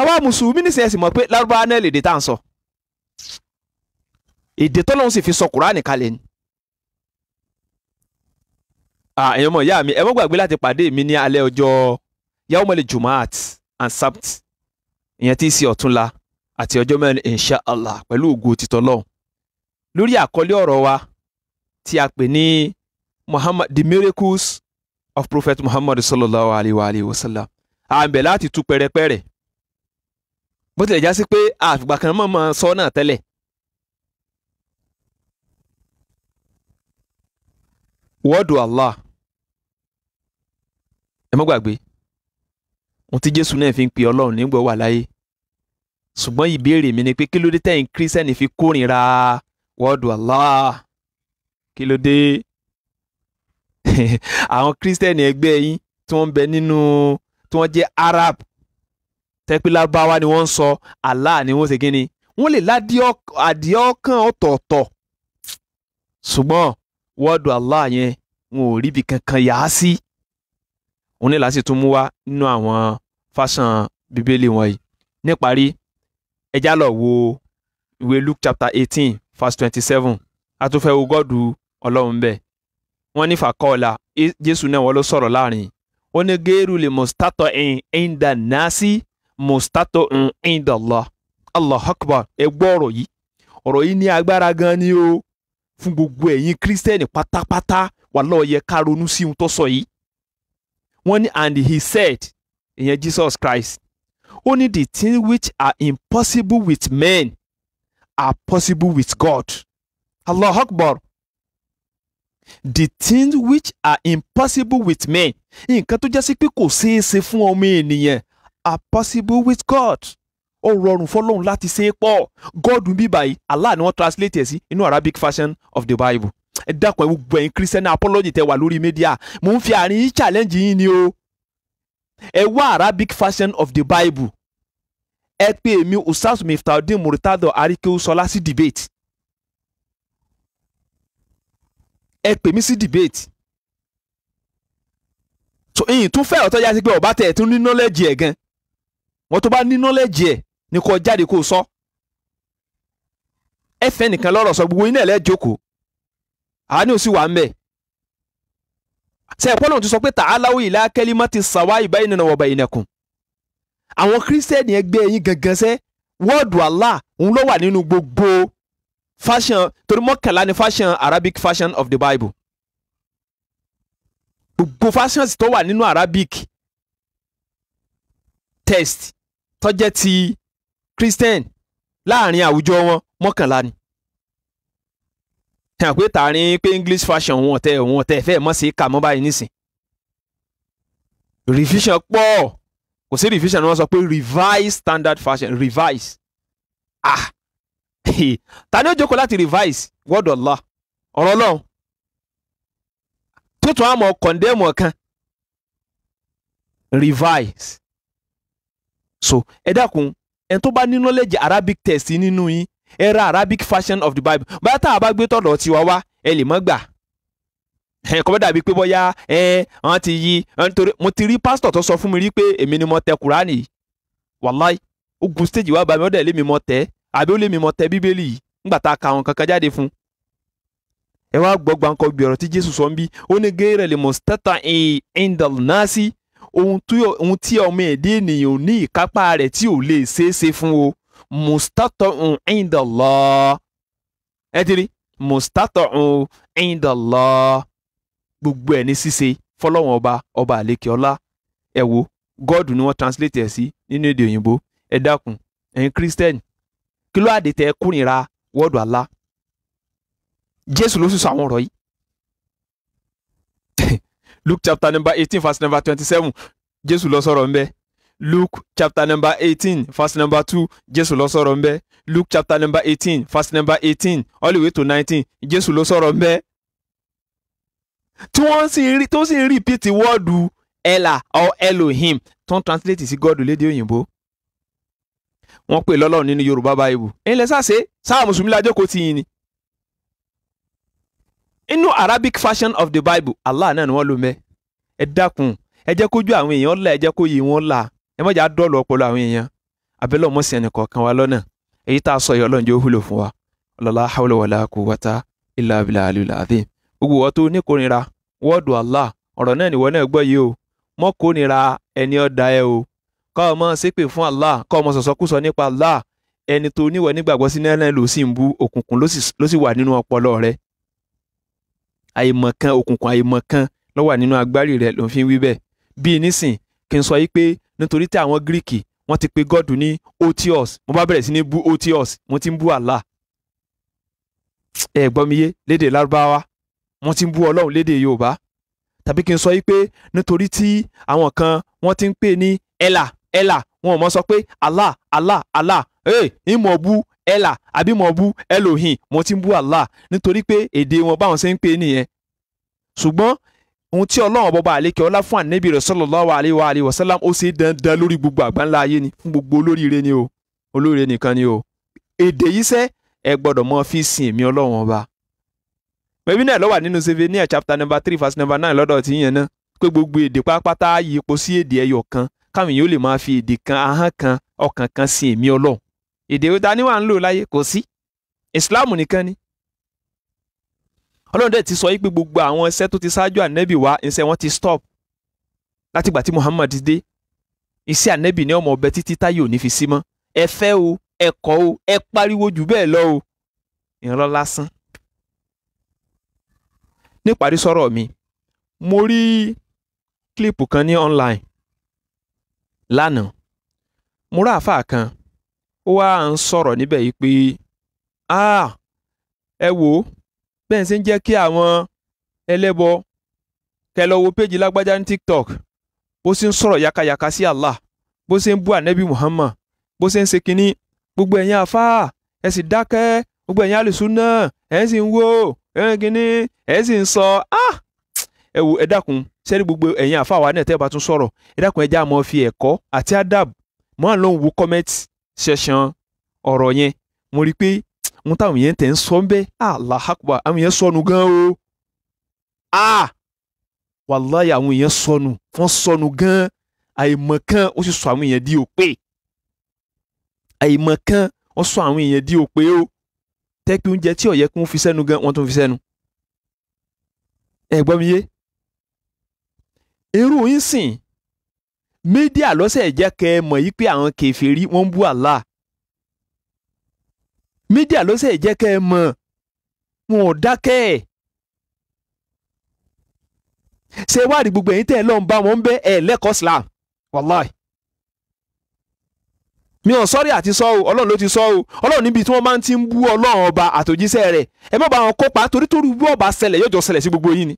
àwa mùsùlùmí nìsín ẹ̀sìn mọ̀ pé lárúbáwá náà lèdè tá à ń sọ èdè tọ́lọ́hún sì fi sọ kúránì kalẹ̀ ni àyàn ah, ọmọ ìyá mi ẹ mọ́ gbàgbé láti pàdé mi ní alẹ́ ọjọ́ yaumali jumaat and sabt ìyẹn tí í ṣe ọ̀túnla àti ọjọ́ mẹ́rin insha allah pẹ̀lú ògo títọ́ lọ́hùn lórí àkọlé ọ̀rọ̀ wa tí a pè ní muhammad the miracles of prophet muhammad sallallahu alayhi wa alayhi wa sallam à ń bẹ̀ láti tú pẹ́rẹ́pẹ́rẹ́ bó tilẹ̀ já sí pé àfìgbà kan mọ̀ mọ́ sọ náà tẹ́lẹ̀ wọ́ọ̀dù Allah ẹ má gbàgbé wọn tí Jésù náà fi ń pè Ọlọ́run nígbà wà láyé ṣùgbọ́n ìbéèrè mi ni pé kí ló dé tẹ̀yin kírísẹ́nì fi kórìíra wọ́ọ̀dù Allah kí ló dé àwọn kírísítẹ́nì ẹgbẹ́ yín tí wọ́n ń bẹ nínú tí wọ́n jẹ́ Arab tẹ́pílábáwá ni wọ́n ń sọ Allah ni wọ́n ṣe kí ni wọ́n lè ládìí ọkàn ọ̀tọ̀ọ̀tọ̀ ṣùgbọ́n wọ́ọ̀dù Allah yẹn wọn ò ríbi kankan yà á sí òun ní láti tún mú wá nínú àwọn fásán bíbélì wọn yìí níparí ẹjá lọ wo ìwé Luke chapter eighteen verse twenty-seven àtúnfẹ́ wo gọ́ọ̀dù ọlọ́run bẹ́ẹ̀ wọ́n ní fàkọ́ọ̀là e, jésù náà wọ́n ló sọ̀rọ̀ láàrin ó ní géèrú lè mọ̀sítátọ̀ ẹ̀yìn ẹ̀yìn dà náà sí mọ̀sítátọ̀ ẹ̀yìn dà Allah Allah akbar ẹ gbọ́ ọ̀rọ̀ yìí ọ̀rọ̀ yìí ní agbára gan ni o fún gbogbo ẹ̀yin kírísítẹ́nì pátápátá wà lọ́ọ́ yẹ ká ronú sí ohun tó sọ yìí. wọ́n ní and he said ìyẹn Jesus Christ ó ní the things which are impossible with men are possible with God. Allah Akbar the things which are impossible with men nǹkan tó jásí pé kò ṣeé ṣe fún ọmọ ènìyàn are possible with God ó rọrùn fọlọ́run láti ṣe é pọ̀ god ń bí báyìí allah ni wọ́n translate ẹ̀ sí inú arabic fashion of the bible ẹ dákun ẹ gbogbo ẹ̀yin christian apology tẹ wà lórí media mò ń fi àárín yín challenge yín ni o ẹ wá arabic fashion of the bible ẹ pé èmi usas miftadin muritado arikeu sọlá sí debate ẹ pè mí sí debate so ìyìn tún fẹ́ ọ̀tọ́ yá sí pé ọba tẹ̀ tún ní knowledge ẹ̀ gan wọ́n tó bá ní knowledge ẹ̀ ni kò jáde kó sọ ẹ fẹ́ nìkan lọ́rọ̀ sọ gbogbo yín náà lẹ́ẹ̀jókòó àánú sì wà ń bẹ̀ ṣe ìpọ́nlọ́n ti sọ pé ta'alaw ila kalimati sawa'i baynana wa baynakum àwọn kírísítẹ́nì ẹgbẹ́ yín gangan sẹ́ wọ́ọ̀dù Allah òun ló wà nínú gbogbo fashion torí mọ́kànlá ni fashion Arabic fashion of the Bible gbogbo fashion tó wà nínú Arabic text tó jẹ́ ti christian láàrin àwùjọ wọn mọ́kànlá ni hàn pé tààrin pé english fashion wọn tẹ wọn tẹ fẹ́ mọ̀ sí kà mọ́ báyìí nísìn revision pọ̀ kò sí revision ni wọ́n sọ pé revise standard fashion revise ah ta ni ó jókòó láti revise word Allah ọ̀rọ̀ Ọlọ́run tó tún àmọ́ condemn ọ̀kan revise so ẹ dákun ẹni tó bá ní knowledge arabic text nínú yín ẹ ra arabic fashion of the bible bóyá tá a bá gbé tọ̀dọ̀ tiwa wá ẹ lè mọ́ gbà kọ́ dàbí ti yí nítorí mo ti rí pásítọ̀ tó sọ fún mi rí pé èmi ni mo tẹ kúránì wàláì gun stage wa bá mi lé mi mọ tẹ́ àbí ó mọ tẹ́ bíbélì yìí nígbà tá a ka àwọn kankan jáde fún ẹ wá gbọ́ gbàǹkọ́ gbìyànjú tí jésù sọ ń bí ó ní lè mọ̀ stẹ́tà náà ohun tí ọmọ ẹ̀dá ènìyàn ò ní ìkápá rẹ̀ tí ò lè ṣeé ṣe fún o mustata'un inda Allah ẹ ti rí mustata'un inda Allah gbogbo ẹ̀ ní ṣíṣe fọlọ́wọ́n ọba ọba àlékè ọlá ẹ wo God ni wọ́n translate ẹ̀ sí nínú èdè òyìnbó ẹ dákun ẹ̀yin Christian kí ló àdè tẹ kúrìnra wọ́ọ̀dù Allah Jésù ló sì sọ àwọn ọ̀rọ̀ yìí Luke chapter number eighteen verse number twenty-seven Jésù ló sọ̀rọ̀ ńbẹ̀ Luke chapter number eighteen verse number two Jésù ló sọ̀rọ̀ ńbẹ̀ Luke chapter number eighteen verse number eighteen all the way to nineteen Jésù ló sọ̀rọ̀ ńbẹ̀ tí wọ́n sì ń rí tó sì ń repeat wọ́ọ̀dù ella or Elohim tó ń translate sí God lédè òyìnbó wọ́n pè lọ́lọ́run nínú Yorùbá Bible ẹ̀yin lẹ́sàsẹ́ sáà mùsùlùmí lájọ́ kò tí yín ni inú Arabic fashion of the Bible Allah náà ni wọ́n lò mẹ́ ẹ dákun ẹ jẹ́ kójú àwọn èèyàn là ẹ jẹ́ kó yí wọn là ẹ má jà dọ́ọ̀lù ọpọlọ àwọn èèyàn abẹ́lẹ́ ọmọ sí ẹnìkọ̀ọ̀kan wa lọ́nà èyí tá a sọ yìí Ọlọ́run jẹ́ ó wúlò fún wa ọlọ́lá hawla wàlá quwwata illa billahil aliyyil azim gbogbo wọn tó níkórira wọ́ọ̀dù Allah ọ̀rọ̀ náà nìwọ náà gbọ́ yìí o mọ́ kórira ẹni ọ̀dà ẹ o kọ́ ọ mọ́ fún Allah kọ́ ọ mọ́ sọ̀sọ́kùsọ nípa Allah ẹni tó níwọ̀ nígbàgbọ́ sí náírà ló sì ń bú òkùnkùn ló sì wà nínú ọpọlọ rẹ̀ àìmọ̀kan òkùnkùn àìmọ̀kan ló wà nínú agbárí rẹ̀ ló fi ń wí bẹ́ẹ̀ bíi nísìn kí n sọ yí pé nítorí tí àwọn gíríkì wọ́n ti pe gọ́ọ̀dù ní otios mo bá bẹ̀rẹ̀ sí ní bú otios mo ti ń bú Allah ẹ gbọ́ mi yé lédè lárúbáwá mo ti ń bú ọlọ́run lédè yorùbá tàbí kí n sọ yí pé nítorí tí àwọn kan wọ́n ti ń pè ní ella ella wọn ò mọ sọ pé Allah Allah Allah ẹ ìmọ̀ bú ẹlà àbí mo bú Elohim mo ti ń bú Allah nítorí pé èdè wọn báwọn ṣe ń pè é nìyẹn ṣùgbọ́n ohun tí ọlọ́run bọba àlékè ọlá fún ànẹ́bí rẹ̀ sallallahu alaihi wa alihi wasallam ó ṣe dandan lórí gbogbo àgbáńlá ayé ni fún gbogbo olóríire ni o olóríire nìkan ni o èdè yìí sẹ́ ẹ gbọ́dọ̀ mọ fi sin èmi ọlọ́run ọba. bẹ́bí náà ló wà nínú Zephaniah chapter number three verse number nine lọ́dọ̀ tí yẹn náà pé gbogbo èdè pátápátá yípo sí èdè ẹyọ kan káwọn yóò lè máa fi èdè kan ahọ́n kan ọkàn kan sin èmi ọlọ́run èdè wo ta ni wà ń lò láyé kò sí ìsìláàmù nìkan ni ọlọ́run dẹ̀ ti sọ yí pé gbogbo àwọn iṣẹ́ tó ti ṣáájú ànẹ́bì wá iṣẹ́ wọn ti stop látìgbà tí Muhammad dé iṣẹ́ ànẹ́bì ní ọmọ ọbẹ̀ títí táyé ò ní fi sí mọ́ ẹ fẹ́ o ẹ kọ́ o ẹ pariwo jù bẹ́ẹ̀ lọ o ìrànlọ́ lásán. níparí sọ̀rọ̀ mi mo rí kílípù kan ní online lánàá mo rá àáfàá kan ó wá ń sọ̀rọ̀ níbẹ̀ yìí pé ah ẹ wò ó bẹ́ẹ̀ ṣe ń jẹ́ kí àwọn ẹlẹ́bọ kẹ́ péjì lágbájá ní tiktok bó ṣe ń sọ̀rọ̀ yakayaka sí Allah bó ṣe ń bú ànábì Muhammad bó ṣe ń ṣe kínní gbogbo ẹ̀yin àfáà ẹ sì dákẹ́ gbogbo ẹ̀yin àlùsùnnà ẹ̀ sì ń wò ẹ̀yin kínní ẹ̀ sì ń sọ ah ẹ wò ẹ dákun sẹ́ni gbogbo ẹ̀yin àfáà wa náà tẹ́ bá tún sọ̀rọ̀ ẹ dákun ẹ já mọ́ fi ẹ̀kọ́ àti adab mọ́ àlóhùn wo kọ́mẹ́tì ṣẹ̀ṣan ọ̀rọ̀ yẹn mo rí i pé mo táwọn yẹn tẹ̀ ń sọ ń bẹ́ àlàhàkùbà àwọn yẹn sọnù gan o ah! wàláyé àwọn yẹn sọnù wọ́n sọnù gan àìmọ̀kan ó sì sọ àwọn yẹn di òpè àìmọ̀kan wọ́n sọ àwọn yẹn di òpè o tẹ́kí oúnjẹ tí ó yẹ kí wọ́n fi sẹ́nu gan wọ́n tún fi sẹ́nu ẹ gbọ́ mi yé irú yín sìn mídíà lọ́sẹ̀ jẹ́ kẹ́ ẹ mọ̀ yìí pé àwọn kèfèrí wọ́n ń bú Allah mídíà lọ́sẹ̀ jẹ́ kẹ́ ẹ mọ̀ wọn ò dákẹ́ ẹ̀ ṣé wádìí gbogbo ẹ̀yin tẹ́ ẹ lọ́n bá wọn bẹ́ ẹ lẹ́kọ̀ọ́ Islam wàláì mi ò sọ́rí àti sọ́ ọlọ́run ló ti sọ́ o ọlọ́run níbi tí wọ́n máa ń ti ń bú ọlọ́run ọba àtòjíṣẹ́ rẹ̀ ẹ má bá kópa torí bú ọba ṣẹlẹ̀ yóò jọ ṣẹlẹ̀ sí gbogbo yín ni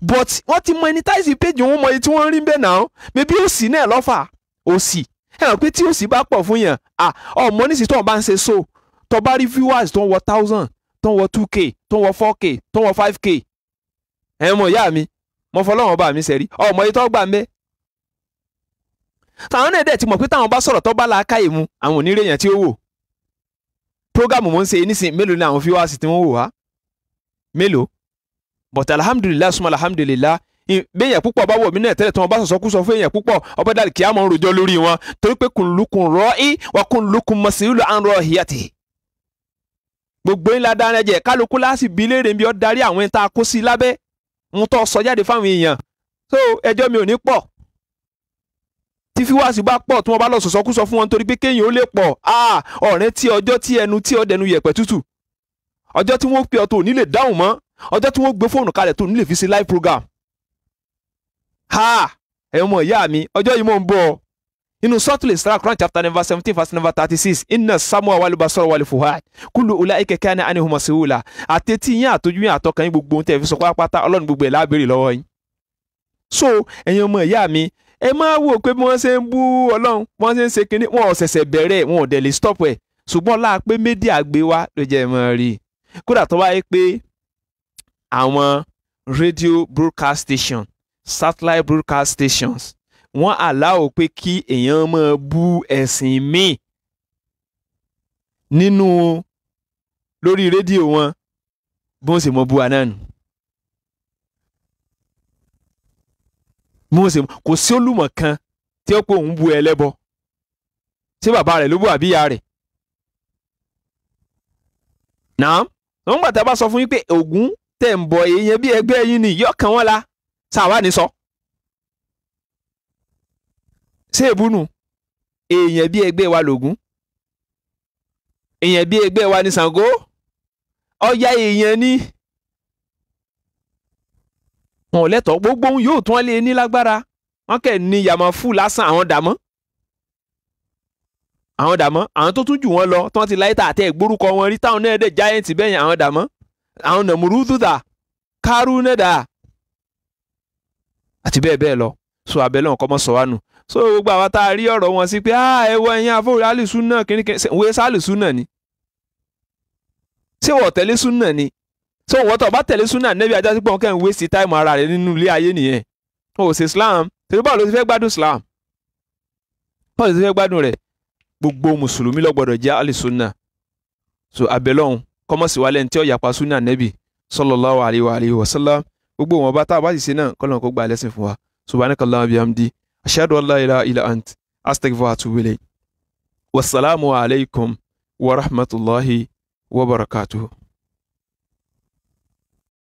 but wọ́n ti monetize page wọn mọ iye tí wọ́n ń rí bẹ́ẹ̀ náà bẹ́bí òsì náà lọ́fà òsì ẹ̀ hàn pé tí òsì bá pọ̀ fún yàn ọmọ nísìsiyìí tó ń bá ń ṣe so tó bá rí viewers tó ń wọ thousand tó ń wọ two k tó ń wọ four k tó ń wọ five k ẹ̀ mọ̀ ìyá mi mo fọlọ́wọ́n bá mi sẹ́rí ọmọ yìí tó gbà ń bẹ́ tàwọn náà dẹ̀ ti mọ̀ pé táwọn bá sọ̀rọ̀ tó bá làákàyè mu àwọn onírèèyàn tí ó wò prógámù mo ń ṣe nísìnyí mélòó ni àwọn viewers tí wọ́n wò wá mélòó but alhamdulilayi suma alhamdulilayi béèyàn púpọ̀ bá wọ̀ mí náà tẹ́lẹ̀ tí wọ́n bá sọ̀sọ́ kú sọ fún èèyàn púpọ̀ ọba dàrí kí á mọ̀ ń rojọ́ lórí wọn torí pé kùnlùkùn rọ́ í wà kùnlùkùn mọ̀ sí ìlú à ń rọ ìyá tì. gbogbo ńlá dáná jẹ kálukú láti bí léèrè bí ọ darí àwọn ẹni tá a kó sí lábẹ́ ń tọ́ sọ jáde fáwọn èèyàn tó ẹjọ́ mi ò ní pọ̀ tí fíwáàsì bá pọ̀ tí wọ́n bá lọ sọ̀sọ́ kú sọ fún wọn torí pé kéèyàn ó lè pọ̀ ọ̀rẹ́ tí ọjọ́ tí ẹnu tí ọdẹnu yẹ̀pẹ̀ tútù ọjọ́ tí wọ́n pè ọ́ tó ò ní lè dáhùn mọ́ ọjọ́ tí wọ́n gbé fóònù kalẹ̀ tó nílè fi ṣe live program ha ẹ̀yin ọmọ ìyá mi ọjọ́ yìí mò ń bọ̀ inú sọ́ọ̀tù sara Quran chapter number seventeen verse number thirty six inna samuel wàlú basọ́rọ̀ wàlú fuhad kúlù ọ̀la ìkẹkẹ́ ní anihuma sewula àtẹ̀tí yín àtọ́jú yín àtọkàn yín gbogbo ohun tẹ̀ fi sọ pátápátá ọlọ́run gbogbo ẹ̀ lábẹ́rẹ́ lọ́wọ́ yín. so ẹ̀yin ọmọ ìyá mi ẹ máa wò pé bí wọ́n ṣe ń bú ọlọ́run bí wọ́n ṣe ń ṣe kinní wọn ò ṣẹ̀ṣẹ̀ bẹ̀rẹ̀ wọn ò dẹ̀ lè stop ẹ̀ ṣùgbọ́n láà pé méjì àgbéwá ló jẹ́ mọ́ rí kódà tó wáyé pé àwọn radio broadcast stations, satellite broadcast stations wọ́n àláwò pé kí èèyàn máa bu ẹ̀sìn míì nínú lórí rédíò wọn bí wọ́n sì mọ bú wa náà nù. bí wọ́n sì kò sí olùmọ̀ kan tí ó pé òun bú ẹlẹ́bọ ṣé bàbá rẹ̀ ló bú àbíyá rẹ̀ náà wọ́n gbà tá a bá sọ fún yín pé Ògún tẹ̀ ń bọ èèyàn bí ẹgbẹ́ yín ni yọkàn wọn la ṣàwa ní sọ. ṣé ìbúnú èèyàn bí ẹgbẹ́ wa lògún èèyàn bí ẹgbẹ́ wa ní Ṣàngó Ọya èèyàn ni wọn ò lẹ́tọ̀ọ́ gbogbo ohun yóò tún lé e ní lágbára wọn kẹ̀ ní yàmọ̀ fún lásán àwọn dàmọ́ àwọn dàmọ́ àwọn tó tún jù wọn lọ tí wọ́n ti láyé tà àtẹ ìgbórúkọ wọn rí táwọn náà dẹ̀ giant bẹ́yìn àwọn dàmọ́ àwọn nàmúrúdù dà kárúnà dà àti bẹ́ẹ̀ bẹ́ẹ̀ lọ so abẹ́ lọ́n kọ́ mọ́ sọ wá nù so gbogbo àwa tá a rí ọ̀rọ̀ wọn sí pé ẹ wọ ẹ̀yin afọwọ́rẹ́ àlùsù náà kìnnìkan wọ́n ṣe àlùsù náà ni ṣé wọ́n tẹ̀lé sùn náà ni ṣé wọ́n tọ̀ bá tẹ̀lé sùn náà nẹ́bí ajá sí pé wéṣì táìmù ara rẹ̀ nínú ilé ayé nìyẹn o ṣe Islam torí báwo ló ti fẹ́ gbádùn Islam báwo ló ti fẹ́ gbádùn rẹ̀ gbogbo mùsùlùmí ló gbọ́dọ̀ jẹ́ àlùsù náà so abẹ́ kọ́mọ̀sí wa lẹ́ni tí ó yapa sunna nẹ́bì sallallahu alayhi wa alayhi wa sallam gbogbo wọn bá tá a bá sì ṣe náà kọ́lọ́n kó gba lẹ́sìn fún wa subhanakallahumma bihamdi ashhadu an la ilaha illa ant astaghfiruka wa wasalaamu alaykum wa rahmatulahi wa barakatuhu.